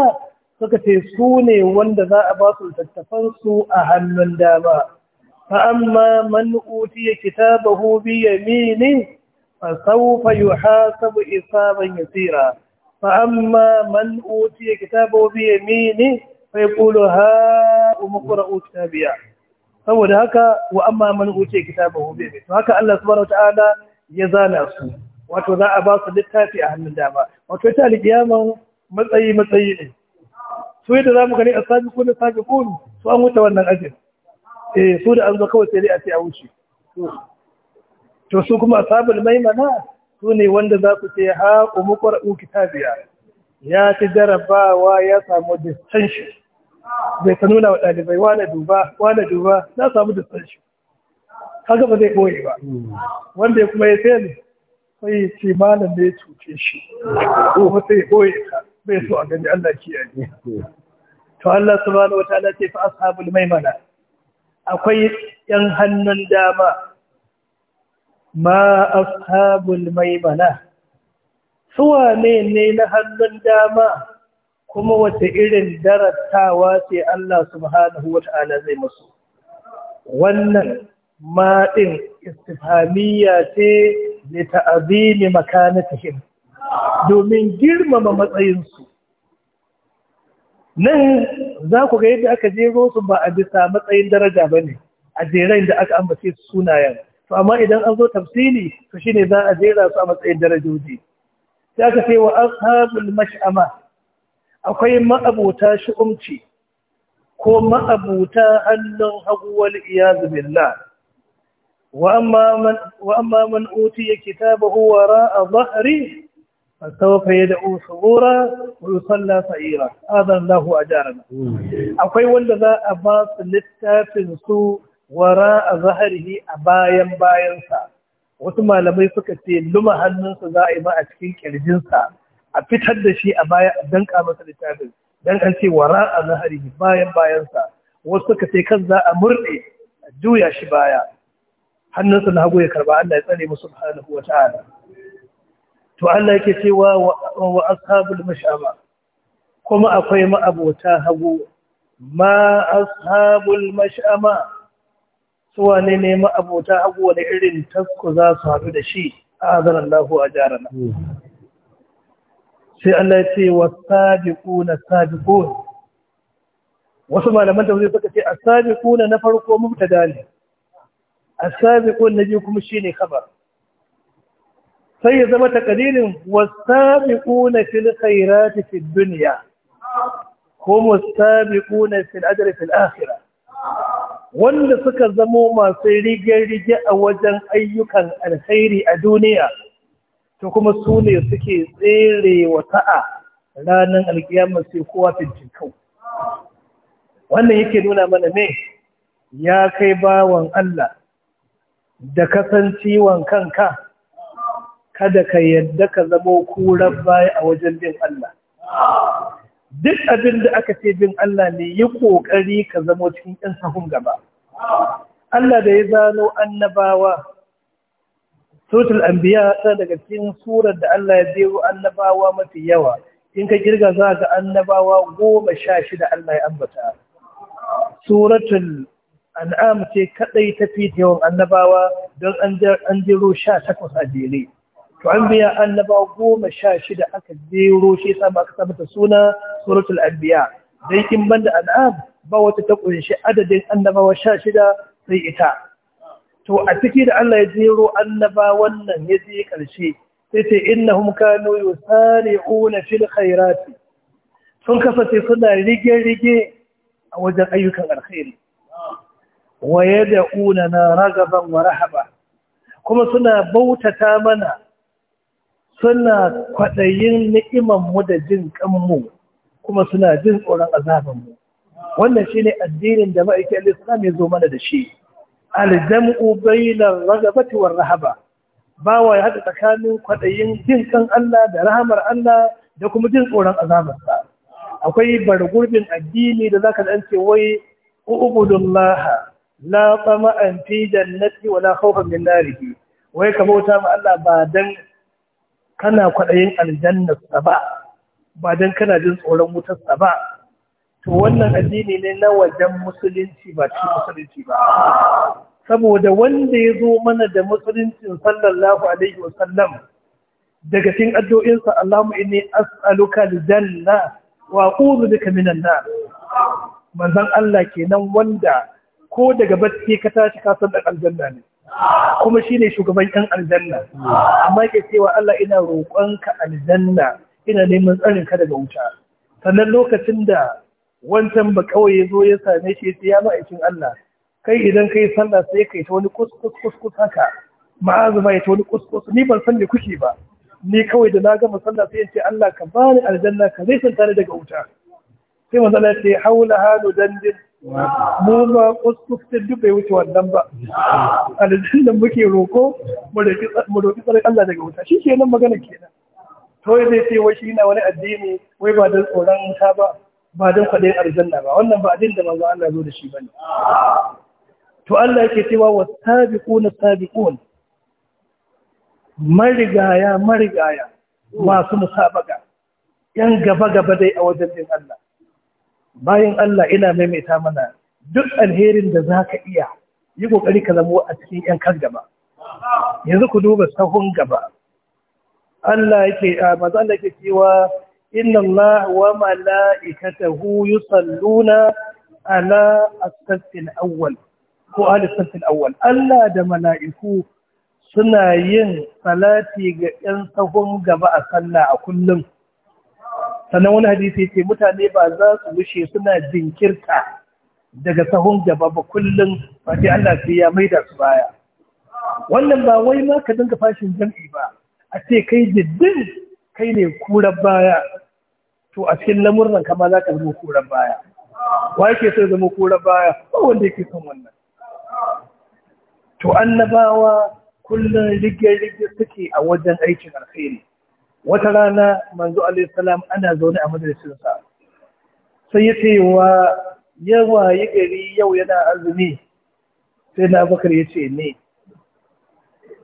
suka ce su ne wanda za a ba su littattafansu a hannun dama fa amma man utiya kitabahu bi yamini fa isa ban isaban yasira fa amma man utiya kitabahu biya mini, fa kulo ha ta biya. saboda haka wa amma man utiya kitabahu bi biya to haka Allah subhanahu wataala ya zana su wato za a ba su littafi a hannun dama wato ita alƙiyama matsayi matsayi ne su da za mu gani a sami kuna sami kunu su an wuce wannan ajin eh su da an zo kawai sai dai a ce a wuce to su kuma asabul maimana su ne wanda za su ce ha umukar biya. ya ci jarabawa ya samu distanshi bai ta nuna wa ɗalibai wane duba wane duba na samu distanshi haka ba zai ɓoye ba wanda ya kuma ya sai sai ce malam ne ya cuce shi ko sai ya ɓoye ka bai so a gani Allah kiyaye to Allah subhanahu wataala ce fa ashabul maimana akwai yan hannun dama ma ashabul maimana suwa ne ne na hannun dama kuma wata irin darattawa ce Allah subhanahu wata'ala zai musu wannan ma din istifhamiyya ce li ta'zimi makanatihim domin girmama matsayinsu nan za ku ga yadda aka jero su ba a bisa matsayin daraja ba ne a jeren da aka ambace su sunayen to amma idan an zo tafsiri to shine za a jera su a matsayin darajoji sai aka ce wa ashabul mash'ama akwai ma'abuta shi'umci ko ma'abuta hannun haguwar wal iyazu billah wa amma man utiya kitabahu a dhahri فسوف يدعو ثبورا ويصلى صعيرا هذا الله أجارنا أقوي ولذا أباس للتافن سوء وراء ظهره أبايا باينسا وثم لم يفكتي لما هننسا زائما أتكين a أفتحد da shi a baya dan ka masa littafin dan an ce wara a zahari bayan bayansa wasu suka ce kan za a murde a juya shi baya hannunsa na hagu ya Allah ya tsare mu subhanahu to Allah yake cewa wa ashabul mash'ama kuma akwai ma'abota hagu ma ashabul mash'ama suwa ne ne ma'abota hagu wani irin tasko za su haɗu da shi a azan Allahu a jarana sai Allah ya ce wa sabiquna sabiqun wasu malaman tafsir suka ce as-sabiquna na farko mubtada ne as-sabiqun na biyu kuma shine khabar sai ya zama takadirin wasabiquna fil khairati duniya ko hum wasabiquna fil ajri fil akhirah wanda suka zamo masu rige-rige a wajen ayyukan alkhairi a duniya to kuma su ne suke tsere wa ta'a ranar alkiyama sai kowa fintinkau wannan yake nuna mana ne ya kai bawon Allah da kasanciwon kanka kada ka yadda ka zama kuran baya a wajen bin Allah duk abin da aka ce bin Allah ne yi kokari ka zama cikin ɗin sahun gaba Allah da ya zano annabawa total anbiya ta daga cikin surar da Allah ya zero annabawa mafi yawa in ka girga za ga annabawa goma sha shida Allah ya ambata suratul an'am ce kadai ta fi yawan annabawa don an jiro sha takwas a jere to an biya annaba goma sha shida aka zero shi ya samu aka sa suna suratul anbiya dai kin banda al'am ba wata ta kunshi adadin annabawa sha shida sai ita to a ciki da Allah ya zero annaba wannan ya je karshe sai ce innahum kanu yusari'una fil khairati sun kasance suna rige-rige a wajen ayyukan alkhairi wa yad'una na ragaban wa rahaba kuma suna bautata mana suna kwaɗayin ni'imanmu da jin kanmu kuma suna jin tsoron azabanmu wannan shi ne addinin da ma'aikin al mai ya zo mana da shi Aljam'u jamu bainar ragabati war rahaba ba wa haɗa tsakanin kwaɗayin jin kan Allah da rahamar Allah da kuma jin tsoron azabarsa akwai bargurbin addini da zaka dan ce wai ubudullaha la tama'an fi jannati wala khawfan min narihi wai ka bauta ma Allah ba dan kana kwaɗayin ta ba ba don kana jin tsoron wutarsa ba to wannan addini ne na wajen musulunci ba cikin musulunci ba saboda wanda ya zo mana da musuluncin sallallahu alaihi wasallam daga cikin addu'insa Allahumma inni as'aluka aljanna wa a'udhu da kaminan na. manzon Allah kenan wanda ko daga bacci ka tashi kasan aljanna ne kuma shi ne shugaban yan aljanna amma ke cewa Allah ina roƙonka aljanna ina neman tsarin ka daga wuta sannan lokacin da wancan ba kawai zo ya same shi sai ya ma'aikin Allah kai idan kai sallah sai kai ta wani kuskus kuskus haka ma'azu ya ta wani kuskus ni ban san me kuke ba ni kawai da na gama sallah sai ce Allah ka bani aljanna ka zai san tare daga wuta sai manzo Allah ya ce haula hano dandin mu ba kuskusin duk bai wuce wannan ba da muke roko mu roƙi tsarin Allah daga wuta shi kenan magana kenan to zai ce wai shi na wani addini wai ba don tsoron wuta ba ba don kwaɗayin aljanna ba wannan ba addini da manzo Allah zo da shi ba ne. to Allah yake cewa wasabiquna sabiqun marigaya marigaya masu musabaga yan gaba gaba dai a wajen Allah bayan Allah ina maimaita mana duk alherin da za ka iya yi ƙoƙari ka zamo a cikin 'yan kan gaba yanzu ku duba sahun gaba Allah yake maza da ke cewa inna Allah wa mala'ikatahu salluna ala as awwal ko ala as awwal Allah da mala'iku suna yin salati ga 'yan sahun gaba a sallah a kullum sannan wani hadisi ya ce mutane ba za su wuce suna jinkirta daga sahun gaba ba kullum ba sai Allah sai ya maida su baya wannan ba wai ma ka dinga fashin jam'i ba a ce kai jiddin kai ne kurar baya to a cikin lamurran kama za ka zama kurar baya wa yake so zama kurar baya ba wanda yake son wannan to annabawa kullum rige-rige suke a wajen aikin alkhairi wata rana manzo alayhi salam ana zaune a madrasarsa sai ya ce wa yawa ya gari yau yana azumi sai na bakar ya ce ne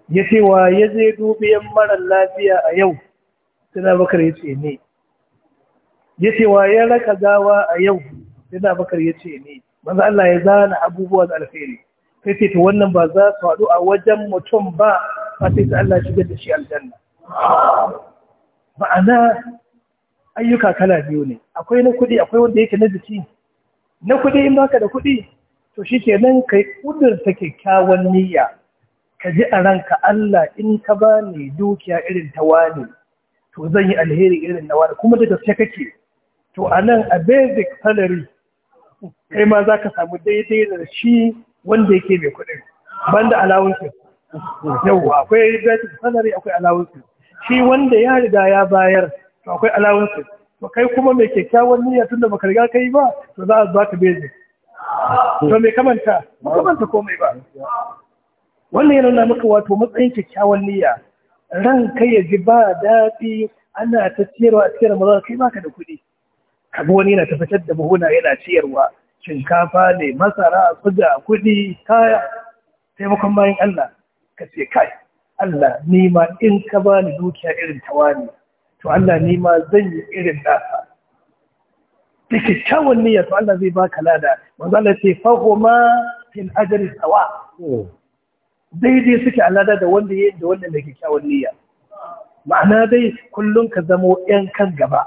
ya ce wa ya je yan marar lafiya a yau sai na bakar ya ce ne ya ce wa ya raka gawa a yau sai na bakar ya ce ne manzo Allah ya zana abubuwa da alheri sai ce to wannan ba za su haɗu a wajen mutum ba Ba sai Allah shigar da shi aljanna ma'ana ayyuka kala biyu ne akwai na kuɗi akwai wanda yake na jiki na kuɗi in baka da kuɗi to shi ke nan ka ƙudurta kyakkyawan niyya ka ji a ranka Allah in ka ba ni dukiya irin ta wani to zan yi alheri irin na wani kuma da gaske kake to a nan a basic salary kai ma za ka samu daidai da shi wanda yake mai kuɗin banda allowances yau akwai basic salary akwai allowances shi wanda ya riga ya bayar to akwai alawansu to kai kuma mai kyakkyawan niyya tunda baka riga kai ba to za a ka beje. to mai kamanta ba kamanta komai ba wannan yana nuna maka wato matsayin kyakkyawan niyya ran kai ya ji ba daɗi ana ta ciyarwa a cikin maza kai baka da kuɗi kaga wani yana ta da buhuna yana ciyarwa shinkafa ne masara suga kuɗi kaya taimakon bayan Allah ka ce kai Allah nima in ka bani dukiya irin tawani, to Allah nima zan yi irin nasa da kyakkyawan niyya to Allah zai baka lada manzo Allah ce fahuma fil ajri sawa hmm. daidai suke alada da wanda ya da wanda mai kyawun niyya ma'ana dai kullum ka zamo yan kan gaba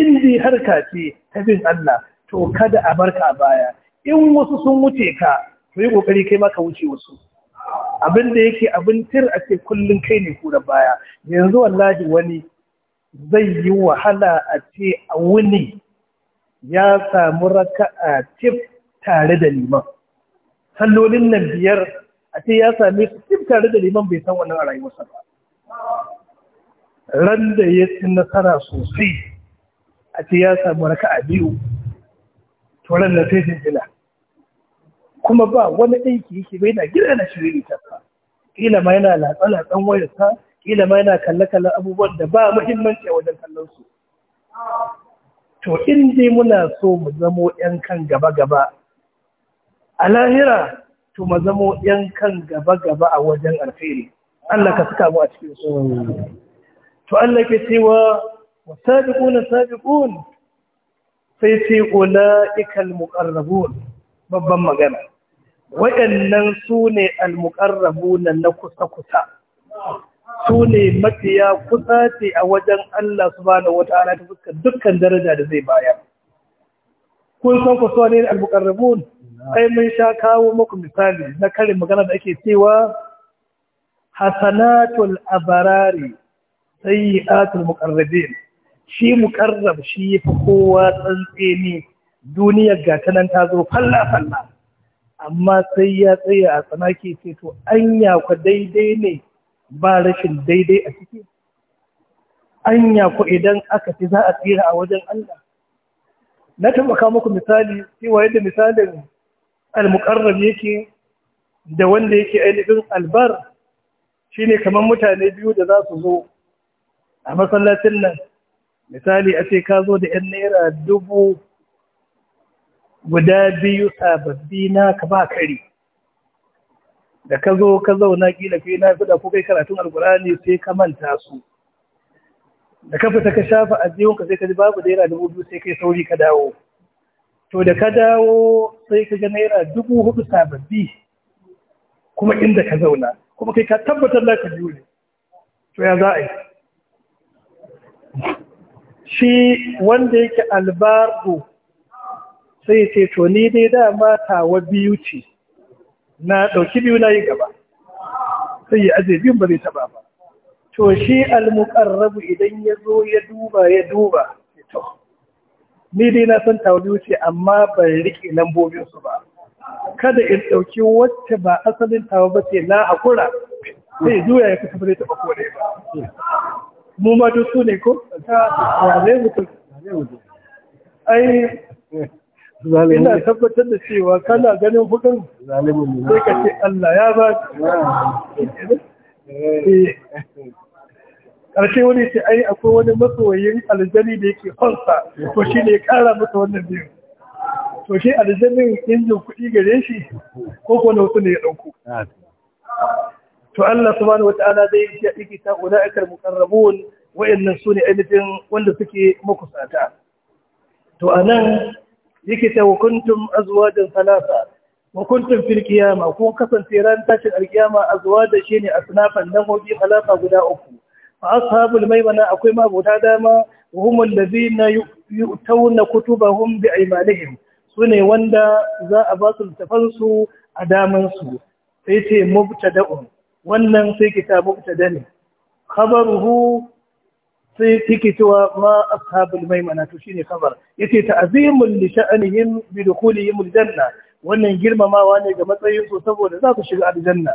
in dai harka ce ta bin Allah to kada a barka a baya in wasu sun wuce ka to yi kokari kai ma ka wuce wasu abin da yake abin tir a ce kullum kai ne ku da baya yanzu wallahi wani zai yi wahala a ce a wuni ya samu raka'a tif tare da liman sallolin nan biyar a ce ya sami tif tare da liman bai san wannan a rayuwarsa ba ran da ya ci nasara sosai a ce ya samu raka'a biyu to ran da sai jinjina kuma ba wani aiki yake bai na gina na shirin ta kila ma yana latsa-latsan wayarsa kila ma yana kalle kalle abubuwan da ba muhimmanci a wajen kallon su to in dai muna so mu zamo yan kan gaba-gaba a lahira to mu zamo yan kan gaba-gaba a wajen alheri. Allah ka suka mu a cikin su to Allah ke cewa wasabiquna sabiqun sai ce ula'ikal muqarrabun babban magana waɗannan su ne na kusa-kusa su ne mafiya kusa ce a wajen Allah subhanahu wa ta'ala ta fuskar dukkan daraja da zai bayar kun san ku so ne almuqarrabun mun sha kawo muku misali na karin magana da ake cewa hasanatul abarari sayyi'atul muqarrabin shi muƙarrab shi yafi kowa tsantseni duniyar gatanan ta zo falla falla amma sai ya tsaya a tsanaki ce to anya ku daidai ne ba rashin daidai a ciki anya ku idan aka ci za a tsira a wajen Allah na tabbaka muku misali cewa yadda misalin al-muqarrab yake da wanda yake ainihin albar shine kamar mutane biyu da za su zo a masallacin nan misali a ce ka zo da 'yan naira dubu guda biyu sababbi na ka ba kari da ka zo ka zauna gina kai na fida ko kai karatun alkur'ani sai ka manta su da ka fita ka shafa a ka sai ka ji babu naira dubu biyu sai kai sauri ka dawo to da ka dawo sai ka ga naira dubu hudu sababbi kuma inda ka zauna kuma kai ka tabbatar da ka ne to ya za a yi shi wanda yake albarku. sai ce to ni dai dama tawa biyu ce na ɗauki biyu na yi gaba sai ya aje biyun ba zai taɓa ba to shi almuƙarrabu idan ya zo ya duba ya duba to ni dai na san tawa biyu ce amma ban riƙe lambobinsu ba kada in ɗauki wacce ba asalin tawa ba ce na haƙura sai juya ya kusa ba zai taɓa kore ba mu ma duk su ne ko ta zai mutum ai ina tabbatar da cewa kana ganin hudun sai ka ce Allah ya ba ƙarshe eh. eh. wani ce ai akwai wani masoyin aljani da yake honsa to shi ne ya ƙara masa wannan biyu to shi aljanin injin kuɗi gare shi ko kuwa na wasu ne ya ɗauko to Allah subhanahu wata'ala zai ya yake ta ula'ikal muqarrabun wa'annan su ne ainihin wanda suke makusata to anan Likita wa kuntum azwajan salasa wa kuntum fil qiyama ko kasance ran tashin alqiyama azwaja shine asnafan nan hobi salasa guda uku fa ashabul maymana akwai ma guda dama hum allazina yu'tawna kutubahum bi aymanihim sune wanda za a ba su su a daman su sai ce mubtada'un wannan sai kitabu mubtada ne khabaruhu sai take cewa ma ashabul maimana to shine khabar yace ta'zimul li sha'anihim bi dukhulihim aljanna wannan girmamawa ne ga matsayin su saboda za su shiga aljanna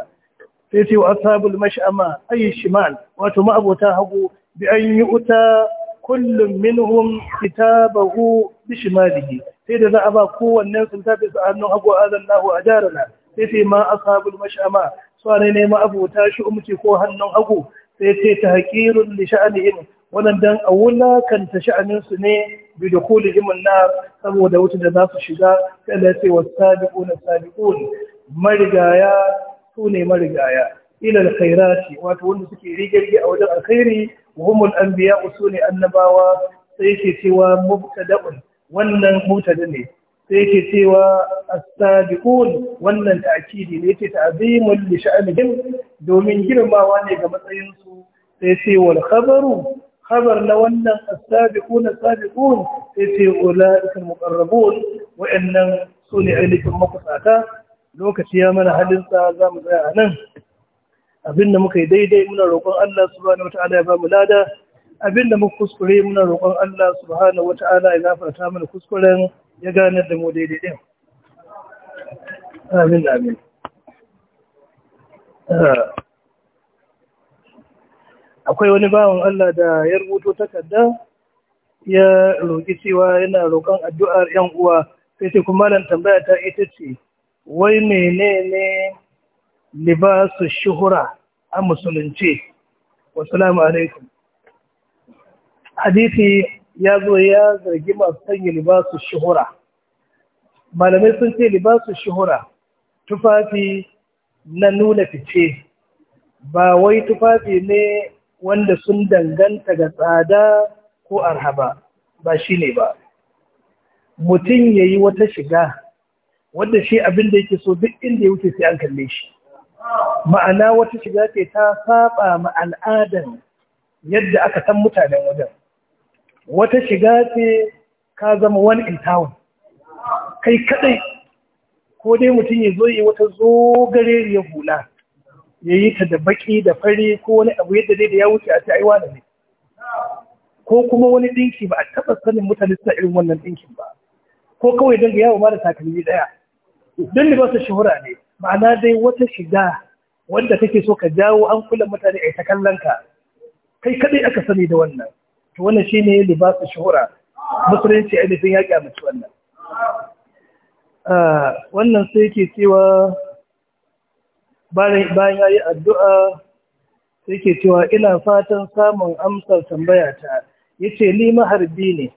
sai ce wa ashabul mash'ama ay shimal wato ma abota hagu bi an yu'ta kullum minhum kitabahu bi shimalihi sai da za a ba kowanne sun tafi su hannun hagu azallahu ajarana sai sai ma ashabul mash'ama su ne ma abota shi ko hannun hagu sai ce tahqirun li sha'anihim waɗannan a wulakanta su ne bi da kuli na saboda wuta da za su shiga kada ce wa sabiqun sabiqun marigaya su ne marigaya ila alkhairati wato wanda suke rigirgi a wajen alkhairi humul anbiya su ne annabawa sai ke cewa mubtada'un wannan mutada ne sai ke cewa as wannan ta'kidi ne yake ta'zimul li sha'anihim domin girmawa ne ga matsayin su sai sai wal khabaru خبر لو أن السابقون السابقون في mu المقربون وإن صنع لك المقصة lokaci ya mana halinsa za mu tsaya a nan abinda muka yi daidai muna roƙon Allah subhanahu ya ba mu lada abinda muka kuskure muna roƙon Allah subhanahu wata'ala ya gafarta mana kuskuren ya ganar da mu daidai amin amin akwai wani bawan Allah da ya rubuto takarda ya roƙi cewa yana roƙon addu'ar ‘yan uwa sai ce kuma nan tambaya ta ita ce wai menene libasu shuhura a musulunci wasalamu alaikum hadisi ya zo ya zargi masu sanya libasu shuhura malamai sun ce libasu shuhura tufafi na nuna fice ba wai tufafi ne wanda sun danganta ga tsada ko arhaba ba shi ne ba mutum ya yi wata shiga wadda shi abin da yake so duk inda ya wuce sai an kalle shi ma'ana wata shiga ce ta saba ma al'adar yadda aka san mutanen wajen wata shiga ce ka zama wani in town kai kadai ko dai mutum ya zo yi wata zogare ya hula ya yi ta da baki da fari ko wani abu yadda dai da ya wuce a ce aiwa da ne ko kuma wani dinki ba a taɓa sanin mutane suna irin wannan dinkin ba ko kawai dinga yawo ma da takalmi ɗaya don libasa shahura ne ma'ana dai wata shiga wanda kake so ka jawo an kula mutane a ta kallon ka kai kadai aka sani da wannan to wannan shine libasu shahura? musulunci ainihin a mutu wannan ah, wannan sai yake cewa bayan ya yi addu'a sai ke cewa ina fatan samun amsar tambaya ta ce ni maharbi ne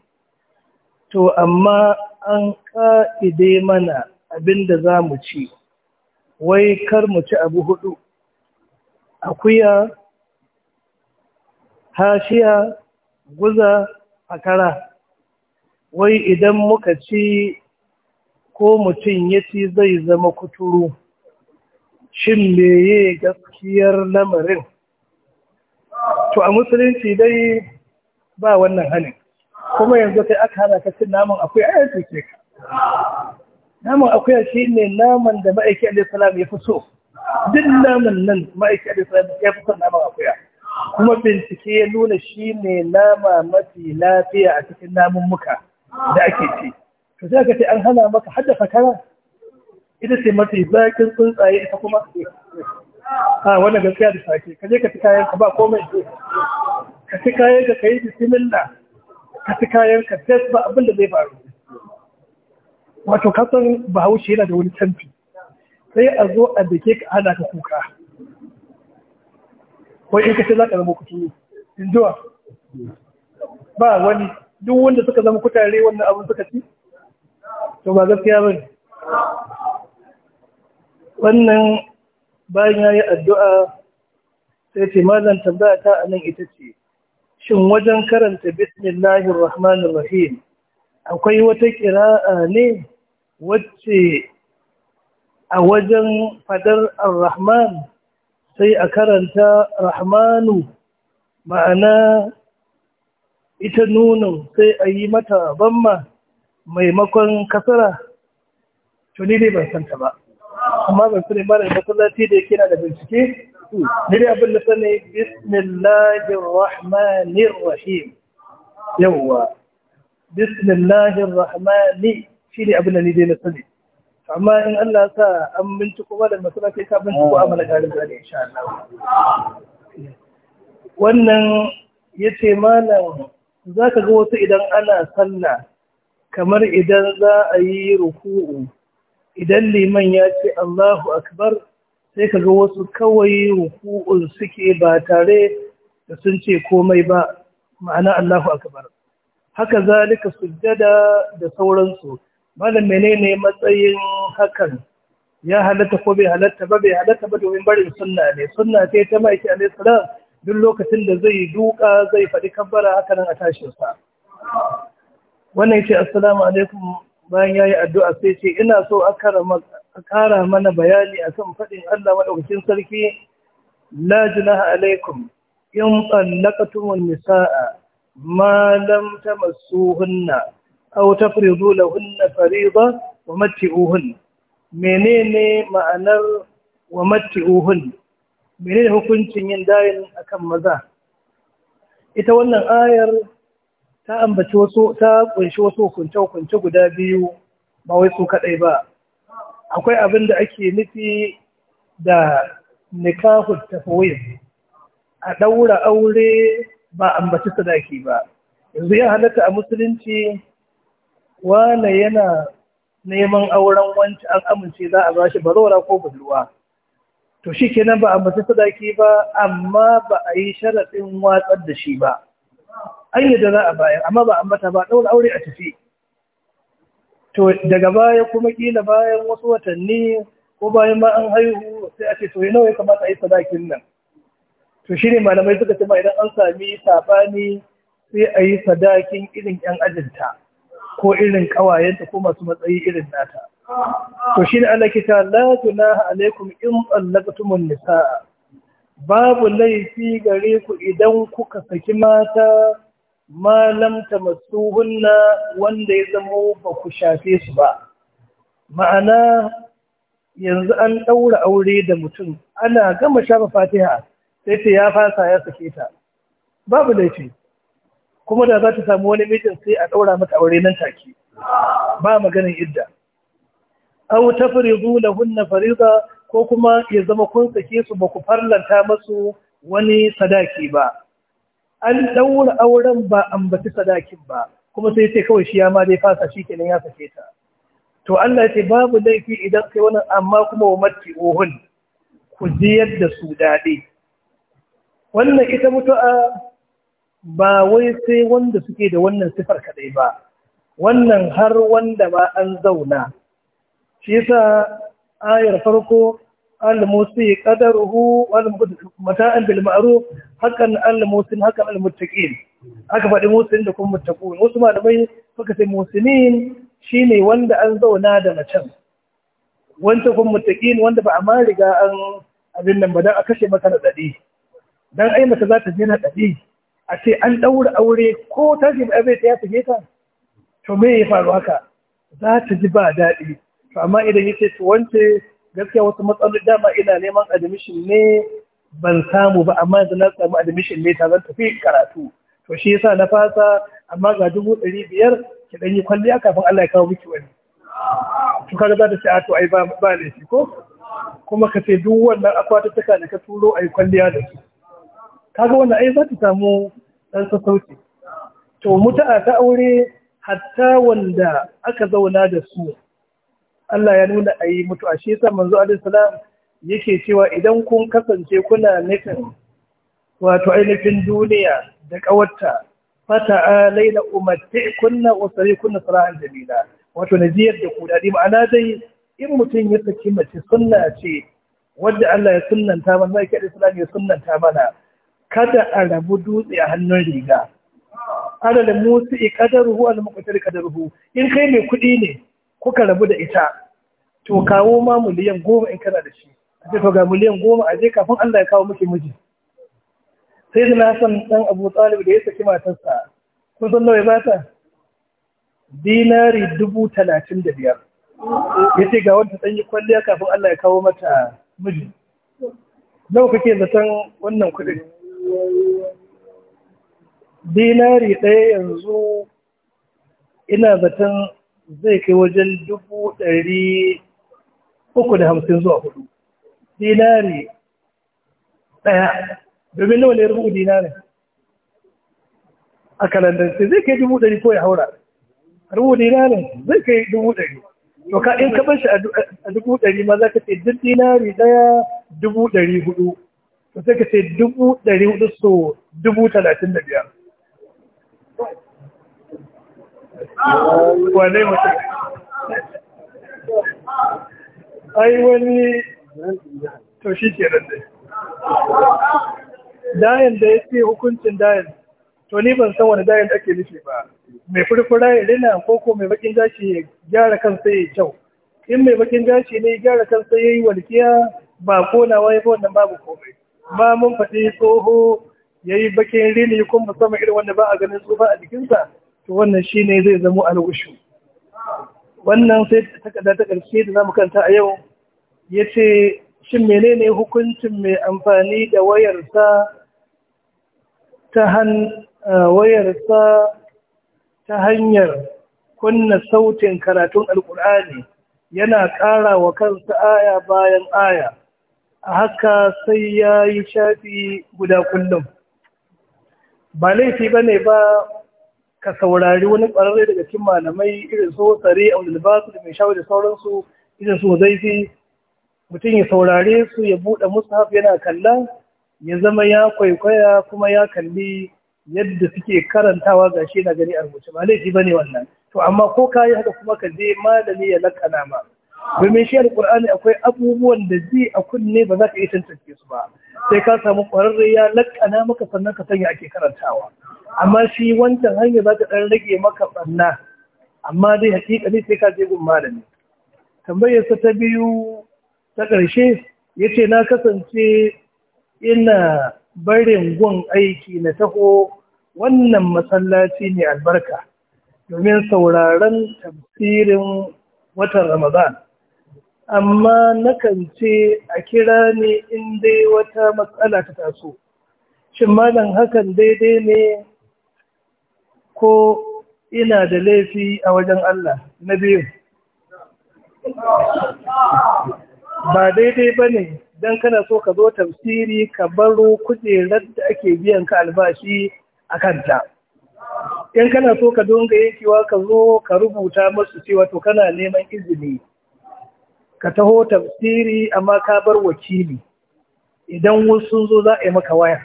to amma an ka'ide mana abin da za mu ci wai kar mu ci abu hudu akuya hashiya guza akara wai idan muka ci ko mutum ya ci zai zama kuturu shin meye gaskiyar lamarin to a musulunci dai ba wannan hannun kuma yanzu sai aka hana ka cin naman akwai a yanzu ce naman akwai shi ne naman da ma'aiki alaihissalam ya fi so duk naman nan ma'aiki alaihissalam ya fi son naman akwai kuma bincike ya nuna shi ne nama mafi lafiya a cikin namun muka da ake ci Ka sai ka ce an hana maka hadda fakara ita ce mafi zakin tsuntsaye ita kuma a ah, wannan gaskiya da sake ka je ka ci kayan ka ba komai ka ci kayan ka kai bismillah ka ci kayan ka des ba abin da zai faru wato ka san bahaushe yana da wani canfi sai a zo a dake ka ana ka kuka wai in ka ce za ka zama kutu in jiwa ba wani duk wanda suka zama kutare wannan abin suka ci to ba gaskiya ba ne wannan bayan ya yi addu'a sai ce mazan tambaya ta nan ita ce shin wajen karanta bismillahir rahmanir rahim akwai wata ƙira'a ne wacce a wajen fadar ar-rahman sai a karanta rahmanu ma'ana ita nunin sai a yi mata bamma maimakon kasara tuni dai ban santa ba amma ban sani mara masallaci da yake na da bincike ne abin da sani bismillahir rahmanir rahim yawwa bismillahir rahmani ne abin da ni dai na sani amma in Allah sa an kuma da masallaci ka ko amala garin da insha Allah wannan yace malam zaka ga wasu idan ana sallah kamar idan za a yi ruku'u idan liman ya ce Allahu akbar sai ka ga wasu kawai ruku'un suke ba tare da sun ce komai ba ma'ana Allahu akbar haka zalika sujjada da sauransu malam menene matsayin hakan ya halatta ko bai halatta ba bai halatta ba domin barin sunna ne sunna ce ta maiki alayhi salam duk lokacin da zai duka zai faɗi kabbara haka nan a tashinsa wannan ce assalamu alaikum bayan ya yi addu'a sai ce ina so a kara mana bayani akan faɗin Allah maɗaukacin sarki la junaha alaikum in tallaqtumun nisaa ma lam tamassuhunna aw tafridu lahunna fariida wa matti'uhunna menene ma'anar wa matti'uhunna menene hukuncin yin dayin akan maza ita wannan ayar ta ambaci wasu ta kunshi wasu hukunce-hukunce guda biyu ba wai su kaɗai ba akwai abin da ake nufi da nikahun tafawin a ɗaura aure ba ambaci sadaki ba yanzu ya halatta a musulunci wane yana neman auren wanci an amince za a bashi barora ko budurwa to shi kenan ba ambaci sadaki ba amma ba a yi sharaɗin watsar da shi ba an yi da za a bayar amma ba ambata ba ɗaura aure a tafi to daga baya kuma kila bayan wasu watanni ko bayan ma an haihu sai a ce to yi nawa ya kamata a yi sadakin nan to shi ne malamai suka ce ma idan an sami saɓani sai a yi sadakin irin yan ajinta ko irin ƙawayenta ko masu matsayi irin nata to shi ne Allah ke ta la junaha alaikum in tsallaqtumun nisaa babu laifi gare ku idan kuka saki mata ma ta tamassuhunna wanda ya zama ba ku shafe su ba ma'ana yanzu an ɗaura aure da mutum ana gama shafa fatiha sai ta ya fasa ya sake ta babu laifi kuma da za ta samu wani mijin sai a ɗaura mata aure nan take ba maganin idda aw tafridu lahunna fariga, ko kuma ya zama kun sake su ba ku farlanta masu wani sadaki ba an daura auren ba an ambaci sadakin ba kuma sai ce kawai shi ya ma dai fasa shi kenan ya sake ta to Allah ya ce babu laifi idan kai wannan amma kuma wa matti ohun ku ziyar da su daɗi wannan ita mutu'a ba wai sai wanda suke da wannan sifar kaɗai ba wannan har wanda ba an zauna shi yasa ayar farko bil ma'ruf hakan al-musin hakan al-muttaqin haka faɗi musin da kuma muttaqin wasu malamai suka ce musinin shi wanda an zauna da macen wancan kuma muttaqin wanda ba a ma riga an abin nan ba dan a kashe maka na dadi dan ai mace za ta je na a ce an ɗaura aure ko ta ji ba ta ya fige ta to me ya faru haka za ta ji ba daɗi to amma idan yace ce to wance gaskiya wasu matsalolin dama ina neman admission ne ban samu ba amma yanzu na samu admission ne ta zan tafi karatu to shi yasa na fasa amma ga dubu ɗari biyar ki ɗan yi kwalliya kafin Allah ya kawo miki wani to kaga za ta ce a to ai ba ba ne shi ko kuma ka ce duk wannan akwatutuka da ka turo ai kwalliya da su kaga wannan ai za ta samu ɗan sassauci to a ta aure hatta wanda aka zauna da su Allah ya nuna a yi mutu a shi yasa manzo alaihi salam yake cewa idan kun kasance kuna nufin wato ainihin duniya da kawarta fata alaina umarti kunna usari kunna sara'an jamila wato na da ku daɗi ma'ana dai in mutum ya saki mace sunna ce wadda Allah ya sunnanta mana zai kaɗa islam ya sunnanta mana kada a rabu dutse a hannun riga adalin musu ikadaruhu al-muqtar kadaruhu in kai mai kuɗi ne kuka rabu da ita to kawo ma miliyan goma in kana da shi a ce to ga miliyan goma a je kafin Allah ya kawo miki miji sai da na san dan Abu Talib da ya saki matarsa kun san nawa ya bata dinari dubu talatin da biyar ya ce ga wanda ɗan yi kwalliya kafin Allah ya kawo mata miji nawa kake zaton wannan kuɗin dinari ɗaya yanzu ina zaton zai kai wajen dubu ɗari uku da hamsin zuwa hudu dinari ɗaya domin nawa ne rubu dinari a kalandance zai kai dubu ɗari ko ya haura rubu dinari zai kai dubu ɗari to ka in kaɓar shi a dubu ɗari ma za ka ce duk dinari ɗaya dubu ɗari hudu to sai ka ce dubu ɗari hudu so dubu talatin da biyar wane mutum ai wani ke nan dayan da ya ce hukuncin dayan to ni ban san wani dayan ake nufi ba mai furfura ya rina ko ko mai bakin gashi ya gyara kansa ya kyau in mai bakin gashi ne ya gyara kansa ya yi walƙiya ba konawa waye fi wannan babu komai ba mun faɗi tsoho ya yi bakin rini kuma sama irin wanda ba a ganin tsofa a jikinsa to wannan ne zai zama alwushu wannan sai takarda ta ƙarshe da zamu kanta a yau ya ce, shin menene hukuncin mai amfani da wayarsa ta han eh, wayarsa ta hanyar kunna sautin karatun alkur'ani yana ƙara wa kansa aya bayan aya a haka sai ya yi shafi guda kullum ba laifi ba ne ba ka saurari wani ƙwararre daga cikin malamai irin su tsare a wani basu da mai shawar da sauransu irin su zaifi mutum ya saurare su ya buɗe mushaf yana kalla ya zama ya kwaikwaya kuma ya kalli yadda suke karantawa ga shi na gani a rubuce ba laifi ne wannan to amma ko ka yi haka kuma ka je malami ya lakana ma domin shi alƙur'ani akwai abubuwan da zai a kunne ba za ka yi tantance su ba sai ka samu ƙwararre ya laƙana maka sannan ka sanya ake karantawa amma shi wancan hanya za ka ɗan rage maka ɓanna amma dai hakika ne sai ka je gun malami tambayarsa ta biyu ta ƙarshe ya ce na kasance ina barin gun aiki na taho wannan masallaci ne albarka domin sauraron tafsirin watan ramadan amma nakan ce a kira ne in dai wata matsala ta taso shin malam hakan daidai ne ko ina da laifi a wajen Allah na biyu ba daidai ba ne don kana so ka zo tafsiri ka baro kujerar da ake biyan ka albashi a kanta in kana so ka dinga yankewa ka zo ka rubuta masu cewa to kana neman izini ka taho tafsiri amma ka bar wakili idan wasu zo za a yi maka waya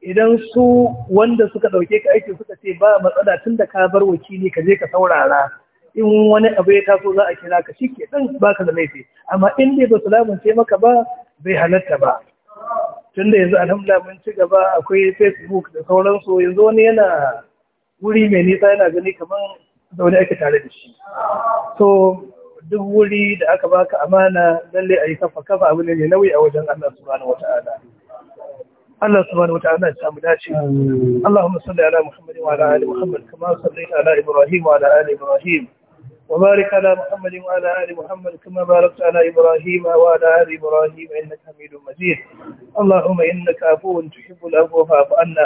idan su wanda suka ɗauke ka aiki suka ce ba matsala tun da ka bar wakili ka je ka saurara in wani abu ya taso za a kira ka shi ke ɗan ba ka da laifi amma in dai ba su lamunce maka ba bai halatta ba tun da yanzu alhamdulillah mun ci gaba akwai facebook da sauransu yanzu wani yana wuri mai nisa yana gani kamar wani ake tare da shi so duk wuri da aka baka amana lalle a yi kafa kafa abu ne nauyi a wajen Allah subhanahu Ta'ala. Allah subhanahu wata'ala ya samu dace Allahumma salli ala Muhammad wa ala ali Muhammad kama sallaita ala Ibrahim wa ala ali Ibrahim wa barik ala Muhammad wa ala ali Muhammad kama barakta ala Ibrahim wa ala ali Ibrahim innaka Hamidum Majid Allahumma innaka afuwun tuhibbul afwa fa'fu anna